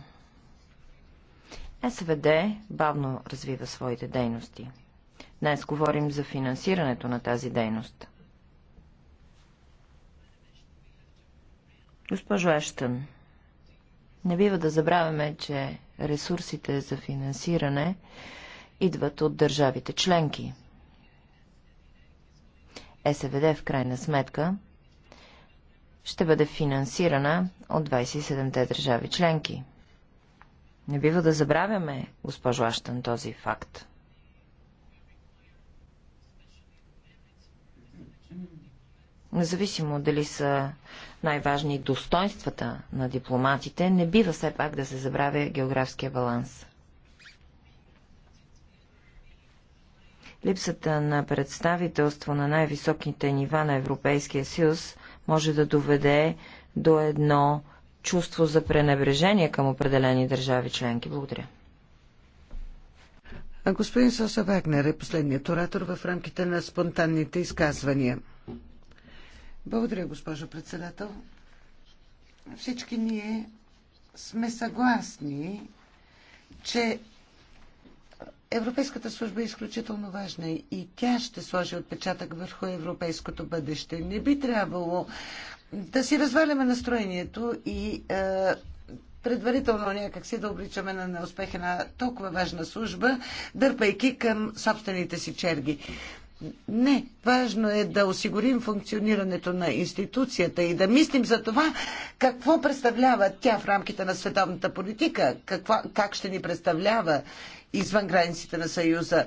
СВД бавно развива своите дейности. Днес говорим за финансирането на тази дейност. Госпожо Ештън, не бива да забравяме, че ресурсите за финансиране идват от държавите членки. СВД в крайна сметка ще бъде финансирана от 27-те държави членки – не бива да забравяме, госпожо Аштън, този факт. Независимо дали са най-важни достоинствата на дипломатите, не бива все пак да се забравя географския баланс. Липсата на представителство на най-високите нива на Европейския съюз може да доведе до едно чувство за пренебрежение към определени държави членки. Благодаря. Господин Соса Вагнер е последният оратор в рамките на спонтанните изказвания. Благодаря, госпожо председател. Всички ние сме съгласни, че Европейската служба е изключително важна и тя ще сложи отпечатък върху европейското бъдеще. Не би трябвало да си разваляме настроението и е, предварително някакси да обличаме на неуспеха на толкова важна служба, дърпайки към собствените си черги. Не, важно е да осигурим функционирането на институцията и да мислим за това какво представлява тя в рамките на световната политика, какво, как ще ни представлява извън границите на Съюза,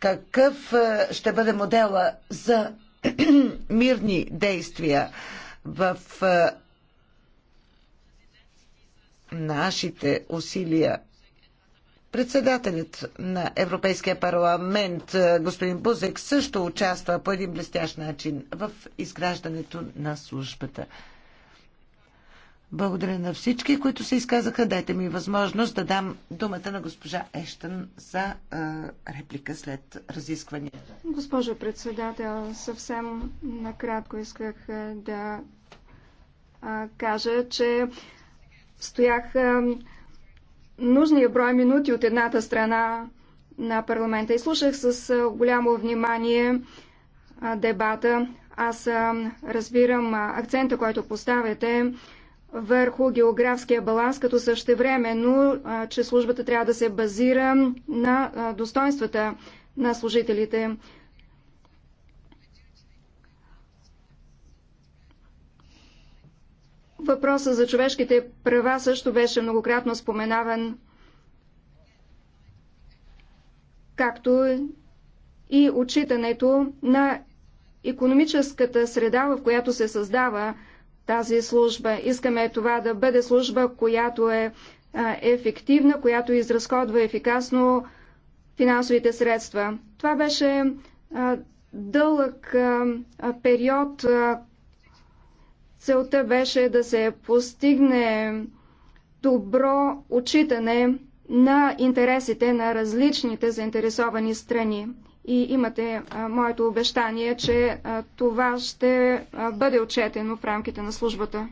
какъв е, ще бъде модела за мирни действия в нашите усилия. Председателят на Европейския парламент, господин Бузек, също участва по един блестящ начин в изграждането на службата. Благодаря на всички, които се изказаха. Дайте ми възможност да дам думата на госпожа Ещън за а, реплика след разискванията. Госпожо председател, съвсем накратко исках да а, кажа, че стоях а, нужния брой минути от едната страна на парламента и слушах с а, голямо внимание а, дебата. Аз а, разбирам а, акцента, който поставяте върху географския баланс, като същевременно, а, че службата трябва да се базира на а, достоинствата на служителите. Въпросът за човешките права също беше многократно споменаван, както и отчитането на економическата среда, в която се създава тази служба. Искаме това да бъде служба, която е ефективна, която изразходва ефикасно финансовите средства. Това беше дълъг период, Целта беше да се постигне добро отчитане на интересите на различните заинтересовани страни. И имате а, моето обещание, че а, това ще а, бъде отчетено в рамките на службата.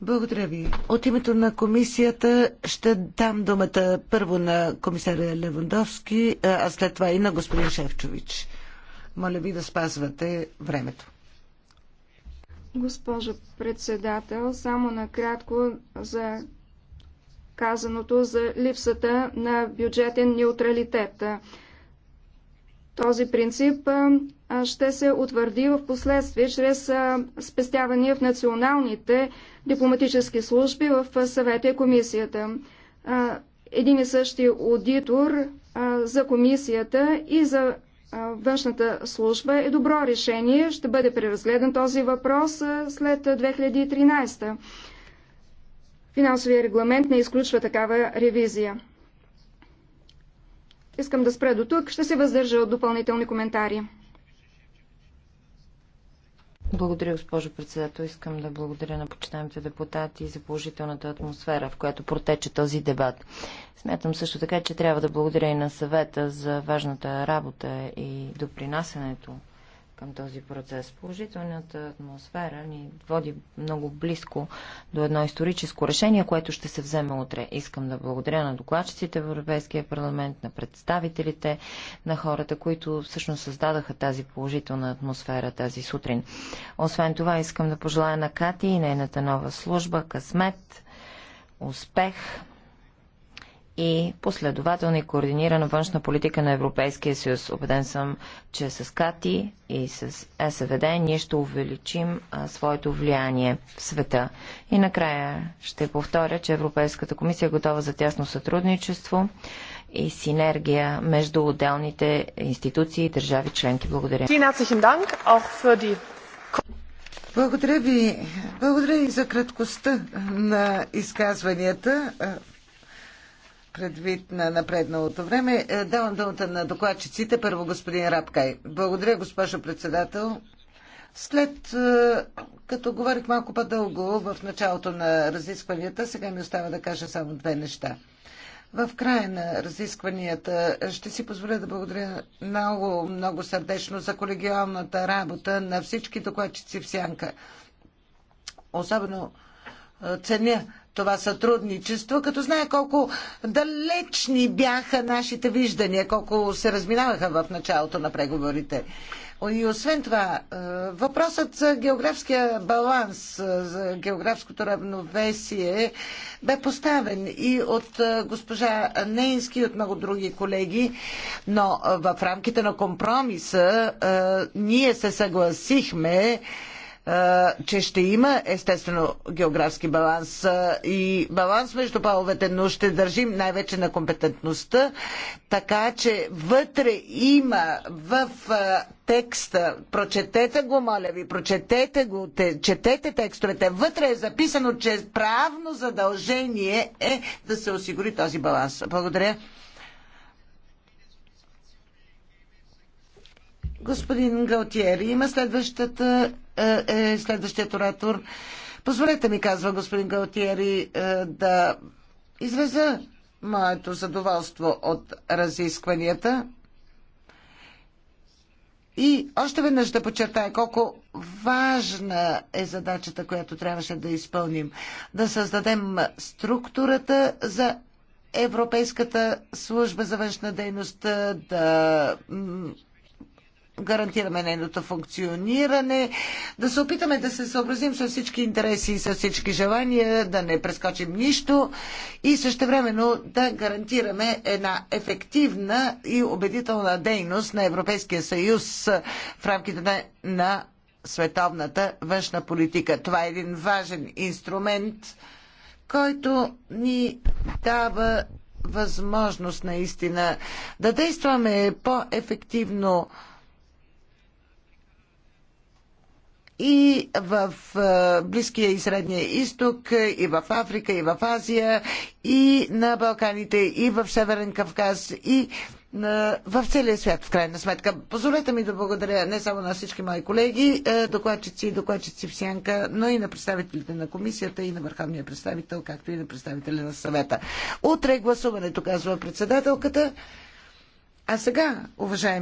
Благодаря ви. От името на комисията ще дам думата първо на комисаря Левандовски, а след това и на господин Шевчович. Моля ви да спазвате времето. Госпожо председател, само накратко за казаното за липсата на бюджетен неутралитет. Този принцип ще се утвърди в последствие чрез спестявания в националните дипломатически служби в съвета и комисията. Един и същи аудитор за комисията и за външната служба е добро решение. Ще бъде преразгледан този въпрос след 2013. Финансовия регламент не изключва такава ревизия. Искам да спра до тук. Ще се въздържа от допълнителни коментари. Благодаря, госпожо председател. Искам да благодаря на почитаемите депутати за положителната атмосфера, в която протече този дебат. Смятам също така, че трябва да благодаря и на съвета за важната работа и допринасянето към този процес. Положителната атмосфера ни води много близко до едно историческо решение, което ще се вземе утре. Искам да благодаря на докладчиците в Европейския парламент, на представителите, на хората, които всъщност създадаха тази положителна атмосфера тази сутрин. Освен това, искам да пожелая на Кати и нейната нова служба късмет, успех, и последователна и координирана външна политика на Европейския съюз. Обеден съм, че с КАТИ и с СВД ние ще увеличим а, своето влияние в света. И накрая ще повторя, че Европейската комисия е готова за тясно сътрудничество и синергия между отделните институции и държави членки. Благодаря. Благодаря ви. Благодаря и за краткостта на изказванията предвид на напредналото време, е, давам думата на докладчиците. Първо господин Рапкай. Благодаря, госпожо председател. След е, като говорих малко по-дълго в началото на разискванията, сега ми остава да кажа само две неща. В края на разискванията ще си позволя да благодаря много, много сърдечно за колегиалната работа на всички докладчици в Сянка. Особено е, ценя това сътрудничество, като знае колко далечни бяха нашите виждания, колко се разминаваха в началото на преговорите. И освен това, е, въпросът за географския баланс, е, за географското равновесие бе поставен и от е, госпожа Нейнски и от много други колеги, но в рамките на компромиса ние се съгласихме че ще има естествено географски баланс и баланс между половете, но ще държим най-вече на компетентността, така че вътре има в текста, прочетете го, моля ви, прочетете го, те, четете текстовете, вътре е записано, че правно задължение е да се осигури този баланс. Благодаря. Господин Галтиери, има следващата е, е следващият оратор. Позволете ми, казва господин Галтиери, е, да изразя моето задоволство от разискванията и още веднъж да подчертая колко важна е задачата, която трябваше да изпълним. Да създадем структурата за Европейската служба за външна дейност, да гарантираме нейното функциониране, да се опитаме да се съобразим с всички интереси и с всички желания, да не прескочим нищо и същевременно да гарантираме една ефективна и убедителна дейност на Европейския съюз в рамките на, на световната външна политика. Това е един важен инструмент, който ни дава възможност наистина да действаме по-ефективно и в Близкия и Средния изток, и в Африка, и в Азия, и на Балканите, и в Северен Кавказ, и в целия свят, в крайна сметка. Позволете ми да благодаря не само на всички мои колеги, докладчици и докладчици в Сянка, но и на представителите на комисията и на върховния представител, както и на представителя на съвета. Утре гласуването, казва председателката. А сега, уважаеми